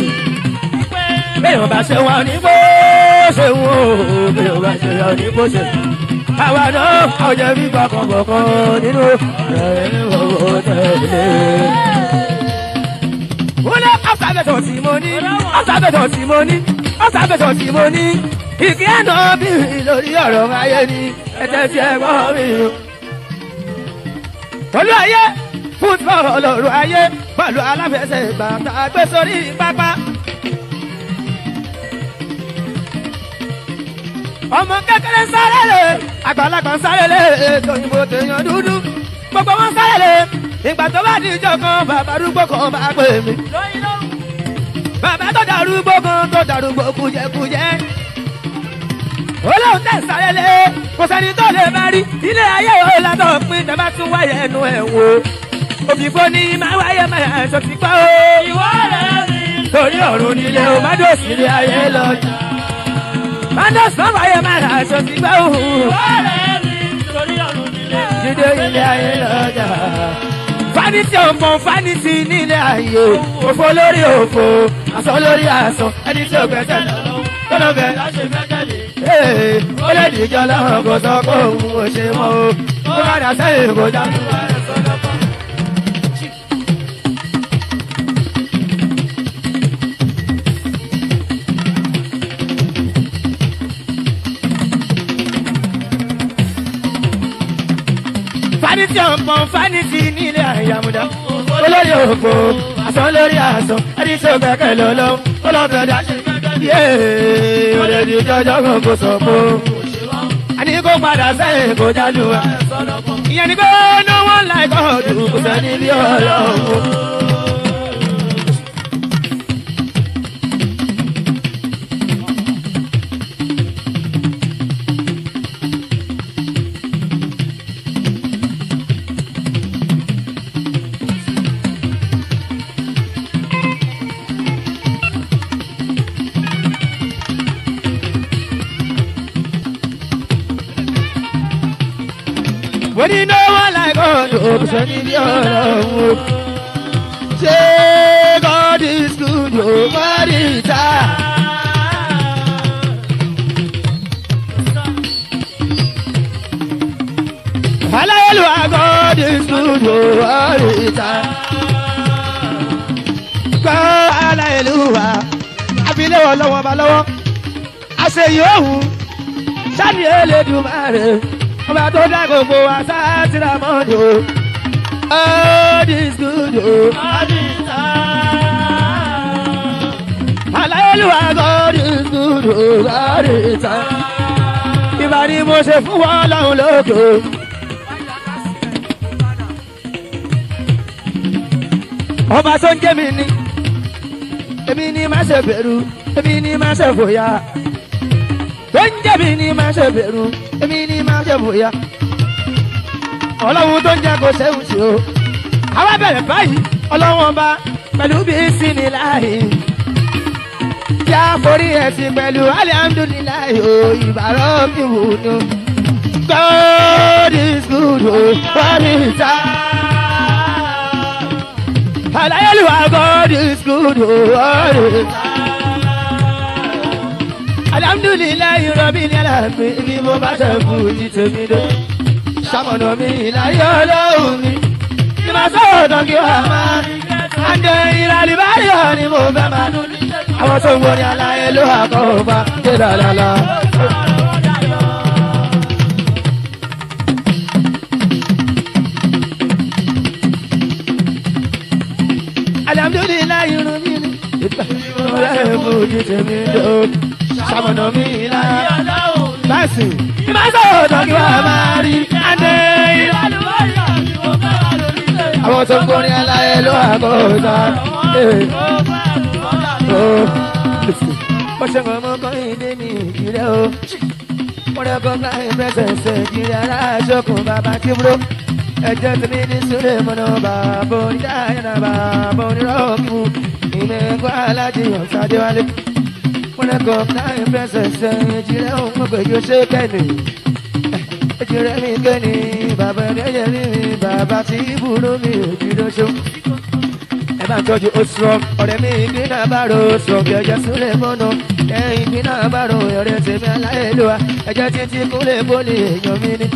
bẹ́ẹ̀ bá ṣe wà nígbó ṣe ń wò ó mi ò bá ṣe yọrí bó ṣe. àwa náà ọjọ́ bí bàkọ̀bọ̀kọ̀ nínú ẹ̀rẹ́ owó tẹ̀lé. ó lé ọ̀sàbẹ̀tọ̀ tí mo ní ọ̀sàbẹ̀tọ̀ tí mo ní ọ̀sàbẹ̀tọ̀ tí mo ní ìkí àná bí lórí ọ̀rọ̀ ayé ni ẹ̀jẹ̀ tí ẹ gbọ́ mi. olú ayé fún fọ̀rọ̀ lọ́rọ̀ ayé pẹ̀lú aláfẹsẹ̀ bàtà gbé sórí pápá. ọmọ kékeré sáré lé àgbàlagbà sáré lé tòyìnbó tèèyàn dúdú gbogbo wọn sáré lé ìgbà tó bá di ìjọ kan bàbá arúgbó kan bá pè mí. bàbá tó darúgbó kan tó darúgbó kújẹkújẹ olóhùn tẹ̀ sáré lé kò sẹ́ni tó lè má rí ilé ayé ò látọ̀ pín tẹ́ bá tún wáyé ẹnu ẹ̀ wò òfìfo ní máa wáyé máa ṣòfìfọ́ o. ìwọ́lẹ̀ mi. torí ọ̀run nílé o má dòsí ilé ayé lọ́jà. Banda sọ́mọ yẹn máa rà aṣọ sí gbá òhù. Wọ́ọ̀rẹ́ mi torí ọ̀run nílé. Jíde ilé ayé lọ́jà. Fánítì ọmọ fánítì nílé ayé. Òfò lórí òfò, aṣọ lórí aṣọ. Ẹni tí ò gbẹ́sẹ̀ lọ́wọ́, tó lọ bẹ̀ láṣẹ mẹ́tẹ̀lé. Ó lè dìjọ́ lọ́hàn kò sọ pé òun ò ṣe mọ́ o. Ó padà sẹ́yìn kò dá ọmọ fánìtì nílé àyàmúdá olórí òpó àsán lórí àsán ẹni tó gbẹkẹ lọlọ ọlọpẹ dáṣẹ yéé olè ní jọjọ kan kò sọ pé àní kó padà sẹ́yìn kó jálùwà ìyẹn ni pé no one like God kò sẹ́ni bí ọlọ́run. wọn lọ́wọ́ àṣeyìn òhun ṣáàdì Elédùmarè ọba tó dá gbogbo wa sátìrà mọ́ni o all is good o. aláyélúwà god is good o god is time. ìbàdí mo ṣe fún wọn lọ́hùn lókè o. ọba sọ́njẹ́ mi ni èmi ni má ṣe bẹ̀rù èmi ni máa ṣe fòyà tó ń jẹ́ mi ni máa ṣe bẹ̀rù èmi ni máa ṣe fòyà ọlọ́run tó ń jẹ́ kó ṣẹ́wù sí o àwa bẹ̀rẹ̀ báyìí ọlọ́run ọba pẹ̀lú bí sinmi láàyè tí a forí ẹ̀sìn pẹ̀lú alihamudulilayi o ìbàrọ̀ mi wò ó. God is good, oh, God is good. Hallelujah, God is good, oh, God is good alhamdulilayi rọbí ni aláàbí ni mo bá ṣẹ́kù ní tèmi dé. sàmọ̀nà mi ìlàyé ọlọ́run mi ni màá sọ̀rọ̀ tán kí wàá máa rí. àǹdẹ̀ ìràlì báyọ̀ ni mo fẹ́ máa nù. àwọn tó ń wọ ní aláyé ló àkọ́ ọba dé dáadáa. alhamdulilayi rọbí ni ìtàn ìrọ̀lẹ́ fún ní tèmi dé sàmọ̀nà mi la láìsí. ìmọ̀sọ̀ ọ̀dọ́ kí wàá máa rí adé. àwọn tó ń kórè aláyẹ ló wà kó sá. ó ṣe kàn mọ́ kọ́ ìdí mi ìrẹ́ o. wọ́n rẹ̀ kọ́ ká ìfẹsẹ̀sẹ̀ kiri aláṣọkùn bàbá kíbró. ẹ̀jẹ̀ tèmi ní sílẹ̀ mọ́nà bàbá onídàáyẹ̀ náà bàbá onírọ̀kù. ìmẹ̀kọ́ alájẹyàn sáde wálé múlẹ́kọ̀ káyọ̀ fẹsẹ̀ sẹ́ ejirẹ́ ohun gbẹ̀jọ ṣé kẹ́ni ejirẹ́ mi kẹ́ni bàbá ẹ̀dẹ́yẹ mi mi bàbá tí ibùdó mi òjìdó ṣó. ẹ bá ń tọ́jú oṣù ọ̀rẹ́ mi ìbínú àbárò sọ̀kì ẹ̀jẹ̀ súnlẹ̀ mọ́nà ẹ̀yìn ìbínú àbárò ẹ̀rẹ́ tèmi aláìlúwa ẹ̀jẹ̀ títí kúnlẹ̀ bọ́ọ̀lì èèyàn mi ni.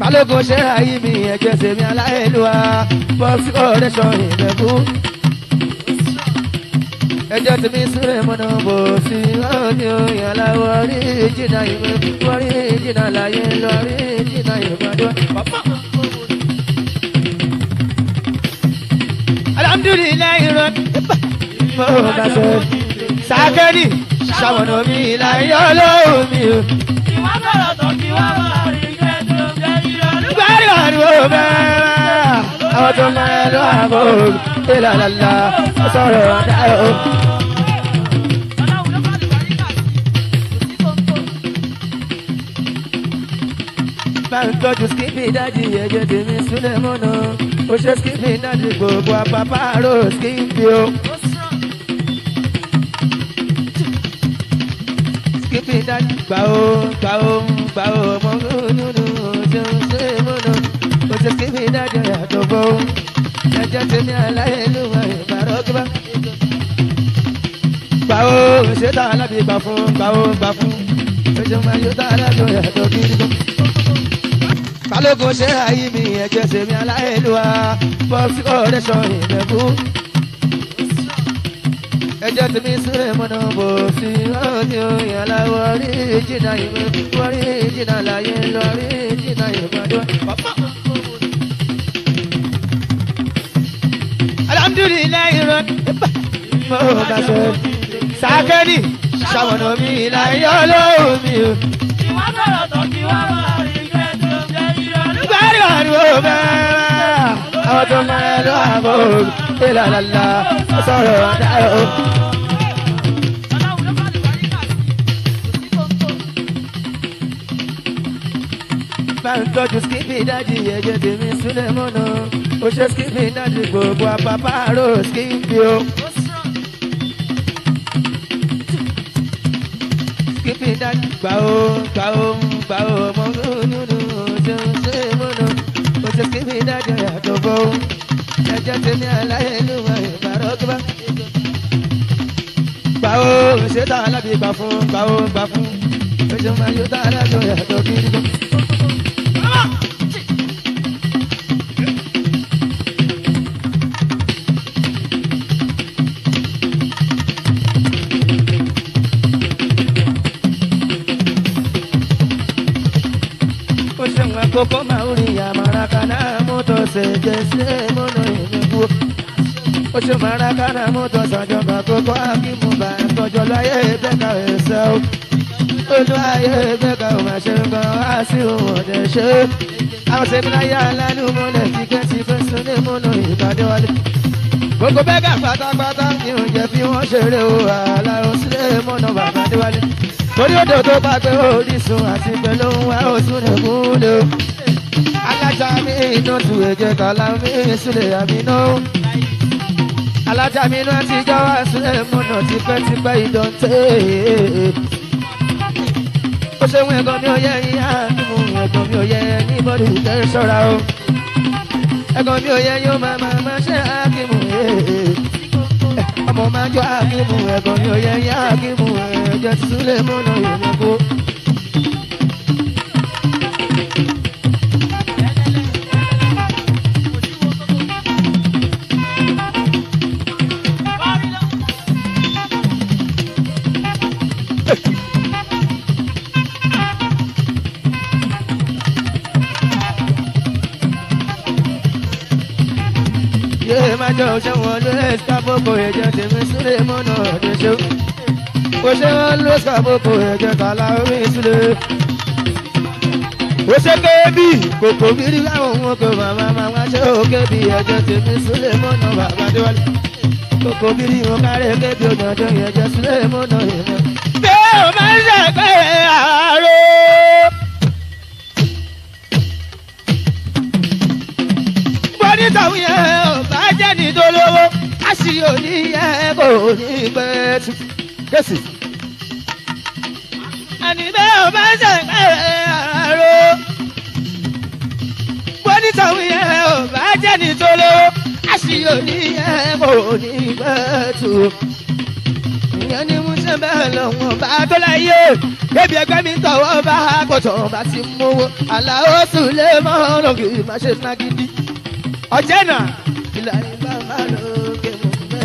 balógun ṣe ayé mi ẹ̀jẹ̀ tèmi aláìlúwa bọ́ọ̀sì ọ̀rẹ́ sọ ìbẹ̀kú ẹjọ́ tèmi súré mọ́nà bò sí ọ́nì òyìn aláwọ̀ rí jìnnà ìwé wọ́rí jìnnà láyé lọ rí jìnnà ìbàdàn. alhamdulilayi rọ mo bá sọ sákẹ́rì ṣàwọn omi ìlànà olómi o. ìwà sọ̀rọ̀ tó kí wá wà rí jẹ́ tó jẹ́ ìrọ̀lú. gbárí àríwó bẹ́ẹ̀ àwọn tó máa ń lọ àbò ìlànà sọ̀rọ̀ àdáyọ̀. tọ́jú skippy dájú ẹ̀jẹ̀ tèmi súnlẹ̀ mọ́nà ó ṣe skippy dájú gbogbo àpapá àrò skippy o. skippy dájú gbà ó gbà ó gbà ó ọmọ nínú ṣeun súnlẹ̀ mọ́nà ó ṣe skippy dájú yàtọ̀ bọ́ ẹ̀jẹ̀ tèmi aláìlúwà ìbàrọ̀ gbà. gbà ó ṣe tá a lábì gbà fún gbà ó gbà fún ó ṣe máa yọ tá a lábì yàtọ̀ kiri kan balógun ṣe ayé mi ẹ̀jẹ̀ sèmi aláìlúwa bọ́sí ọ̀rẹ́sọ̀ ìbẹ̀kú. ẹ̀jẹ̀ tèmi sílẹ̀ mọ́nà bò sí ọ̀ọ́dì òyìn aláwọ̀ rí jìnnà ìwé wọ́n rí jìnnà láyé lọ rí jìnnà ìgbàdùn. alhamdulilayi rẹ mo bá ṣe sákẹ́lì ṣàwọ̀nà mi ìlà ìyọ́ lóhùn mi. ìwádọ̀rọ̀ tó kí wá lọ ló bẹ́ẹ̀ àwọn tó máa ẹ lọ àbọ̀ ìlàlàlà sọ̀rọ̀ àdáyọ̀. Báwo tọ́jú skipi dájú ẹ̀jẹ̀ tèmi súlẹ̀ mọ́nà? Ó ṣe skipi dájú gbogbo àpapá àrò skipi o. Skipi dájú gbà ó gbà ó gbà ó mọ́. Oh, bọ́ o. jẹjẹ tèmi aláyélúwà ìbára ọgbà. gbà ó ṣé tá a lábì gbà fún gbà ó gbà fún. oṣù máa yọ tá a lájọ yàtọ̀ kiri bọ́. sejesie mono yenyeguo oṣù marakana mọtò sàjọba kókó akímùbà kọjọ láyé bẹka ẹsẹ o olú ayé bẹka ò máa ṣe ń bọ wá sí òun ọdẹ ṣe é àwọn sẹmíláyà alánú mọlẹ tíkẹtì fẹsùn ní mọnà ìbàdàn wálé gbogbo bẹgà pátápátá ni ò jẹ bí wọn ṣeré o àlàó sílé mọnà bàbá déwálé torí odò tó bá gbé Orísun àti pẹ̀lú wa ó sún lè kú lé o alájà mi inú tu èjè tọ́lá mi sílẹ̀ àmínú. alájà mi inú àtijọ́ wá sílẹ̀ múnà tipẹ́tipẹ́ ìdọ̀tẹ́. ó ṣe wọn ẹ̀gọ́ mi ò yẹ ìyá mi mú ẹ̀gọ́ mi ò yẹ ní bọ́dù tẹ́ ṣọ́ra o. ẹ̀gọ́ mi ò yẹ yóò máa máa máa ṣe ákímù. Eh, eh. ọmọ máa jọ ákímù ẹ̀gọ́ mi ò yẹ yá ákímù ẹ̀jẹ̀ sílẹ̀ múnà ìrìnàkó. Oṣewọlé Sábòkò ẹ̀jẹ̀ tèmi sílé mọ́nà ọ̀dẹ́ṣẹ́. Oṣewọlé Sábòkò ẹ̀jẹ̀ kàlà omi sílé. Oṣe bébì kòkò gírí láwọn ọmọ kò bàbá màmá ṣe òkè bí ẹ̀jẹ̀ tèmi sílé mọ́nà bàbá Déwálé. Kòkò gírí wọn kárẹ̀ kébi òdòdó ẹ̀jẹ̀ sílé mọ́nà ìmọ̀. Bẹ́ẹ̀ o máa ń ṣàpẹẹrẹ àárọ̀. Bọ́dí tàwọn yẹn lówó káṣí oníyẹ kò ní pẹ́ tú. kẹ́sì. àní bẹ́ẹ̀ ò bá ṣe pẹ́rẹ́ ara ro. wọ́n yẹn ò bá jẹ́ ní tó káṣí oníyẹ kò ní pẹ́ tú. ìyẹn ni mo ṣe bẹ́ẹ̀ lọ́wọ́ bá tó láyé ebi ẹgbẹ́ mi tọwọ́ bá àgùntàn bá ti mówó aláwọ̀ sùn lé mọ́ ọ̀nà kì í má ṣe nagidi ọ̀jẹ̀ náà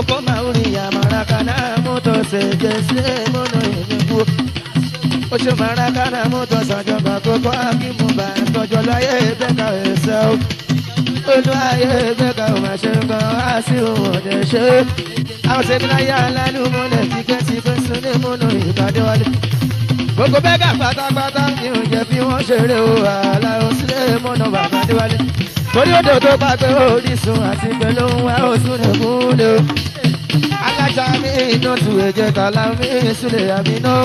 koma ulia marakana moto sejese mono ejibu oṣù marakana moto sanjọba koko akimumba tọjọ láyé bẹka ẹsẹ o olú ayé bẹka o máa ṣe nǹkan wá sí òun ọdẹ ṣe àwọn sẹmíláyà alálù mọlẹ kíkẹ ti fẹ sún ní múnú ìpàdé wálé gbogbo bẹka pátápátá ni oúnjẹ bí wọn ṣeré o àlà òsínlẹ mọnà bàbá déwálé torí odò tó pàgbé orísun àti pẹ̀lú wa òsùn rẹ múlẹ o alájà mi inú tu èjè tọ́lá mi ìsúlẹ̀ àmínú.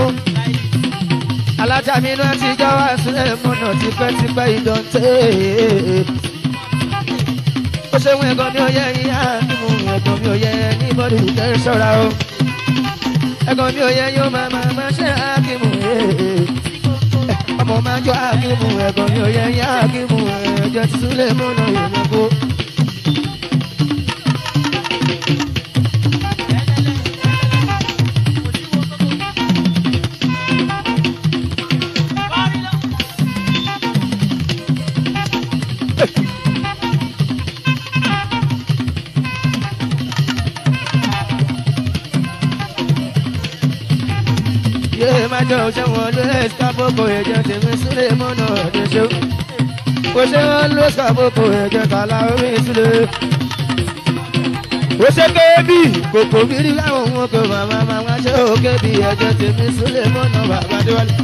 alájà mi inú àtijọ́ wá sílẹ̀ múnà tipẹ́tipẹ́ ìdọ̀tẹ́. ó ṣe wọn ẹ̀gọ́ mi ò yẹ ìyá mi mú ẹ̀gọ́ mi ò yẹ ní bọ́dì tẹ́ ṣọ́ra o. ẹ̀gọ́ mi ò yẹ yóò máa máa máa ṣe àkímù. Eh, eh. ọmọ máa jọ àkímù ẹ̀gọ́ mi ò yẹ yá àkímù ẹ̀jẹ̀ sílẹ̀ múnà ìrìnàgbò. ṣe wọlé sábòkò ẹ̀jẹ̀ tèmi sílẹ̀ mọ́nà ọ̀dẹ ṣe. ó ṣe wọlé sábòkò ẹ̀jẹ̀ kàlà omi sílẹ̀. ó ṣe kébì kòkò gírí láwọn ọmọ kò màmá màmá ṣe ó kébì ẹ̀jẹ̀ tèmi sílẹ̀ mọ́nà bàbá déwálé.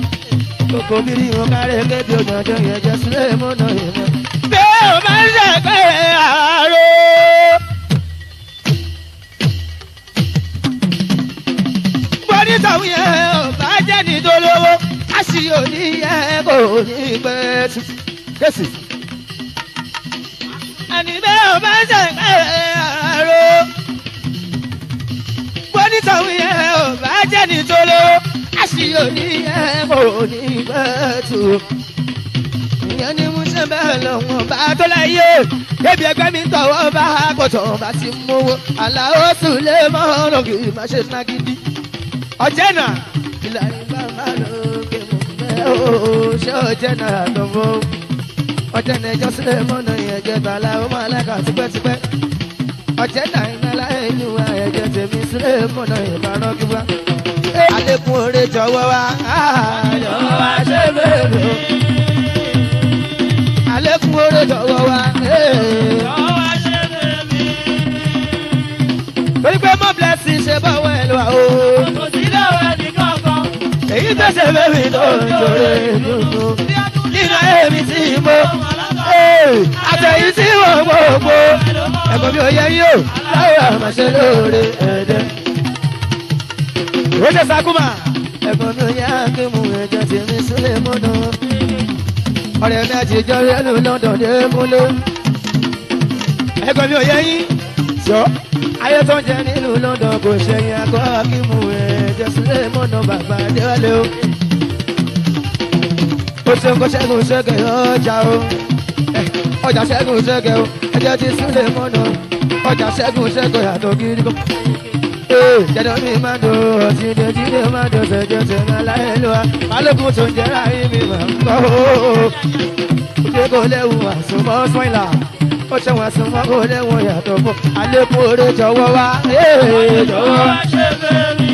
kòkò gírí wọn kárẹ̀ kébì ọ̀gbọ̀njọ́ ẹ̀jẹ̀ sílẹ̀ mọ́nà ìmọ̀. bẹ́ẹ̀ o yeah oníyẹ kò ní pẹ́ tu. kẹ́sì. àní bẹ́ẹ̀ ò bá ṣe ìpẹ́rẹ́ àrò. pọ́nítọ̀hún yẹn ò bá jẹ́ nítòló. àṣì oníyẹ kò ní pẹ́ ìyẹn ni mo ṣe bẹ́ẹ̀ lọ́wọ́ bá tó láyé. Ebi ẹgbẹ́ mi tọwọ́ bá pọ̀tọ̀ bá ti mówó. Àlàó sùn lé mọ́ ọ̀nà kì í má ṣe nagidi. Ọ̀jẹ̀ náà ìlànà o ṣé o jẹ́ náírà tó fún ọjọ́ náà ẹjọ́ sílẹ̀ mọ́nà ìyẹ̀jẹ̀ tààlà ó máa lákà tipẹ́tipẹ́ ọjọ́ náà ìnáyà ẹ̀yìn wa ẹ̀jẹ̀ tèmi sílẹ̀ gbèsè bèbí tó ń jòrè gbogbo nínú èmi tí mo àtẹ̀yìn tí mo gbogbo ẹ̀kọ́ mi ò yẹ yín o láyé àmàṣe lóore ẹ̀dẹ́. ó ṣe sakuma ẹ̀kọ́ mi ò yẹ kí mu ẹ̀jẹ̀ tèmi sílẹ̀ mọ́nà ọ̀rẹ́ mi àtijọ́ rẹ̀ ló lọ́dọ̀ dé múlẹ̀ ẹ̀kọ́ mi ò yẹ yín sọ. ayé tó ń jẹ nílùú London kò ṣẹyìn akọ akímù ẹ jẹsílẹ̀ mọ́nà bàbá adéwálé o. ó ṣeun kó ṣẹ́gun ṣẹ́gẹ̀ ọjà o ọjà ṣẹ́gun ṣẹ́gẹ̀ o ẹjẹ́ ti sílẹ̀ mọ́nà ọjà ṣẹ́gun ṣẹ́gẹ̀ àtọ́kiri kọ́ jẹjọ mi máa dùn ọtí dé jíde máa dùn sẹjọ sẹmọ aláìlúwa balógun tó ń jẹrà yín mi máa ń kọ́ ó ṣe kò léwu àsomọ́ sọ́ìlà ó ṣe wọn sún mọ́ ó lé wọn yàtọ̀ fún alẹ́ kó rè jọ̀wọ́ wá. Eh, jọ̀wọ́ wá ṣe fẹ́ mi.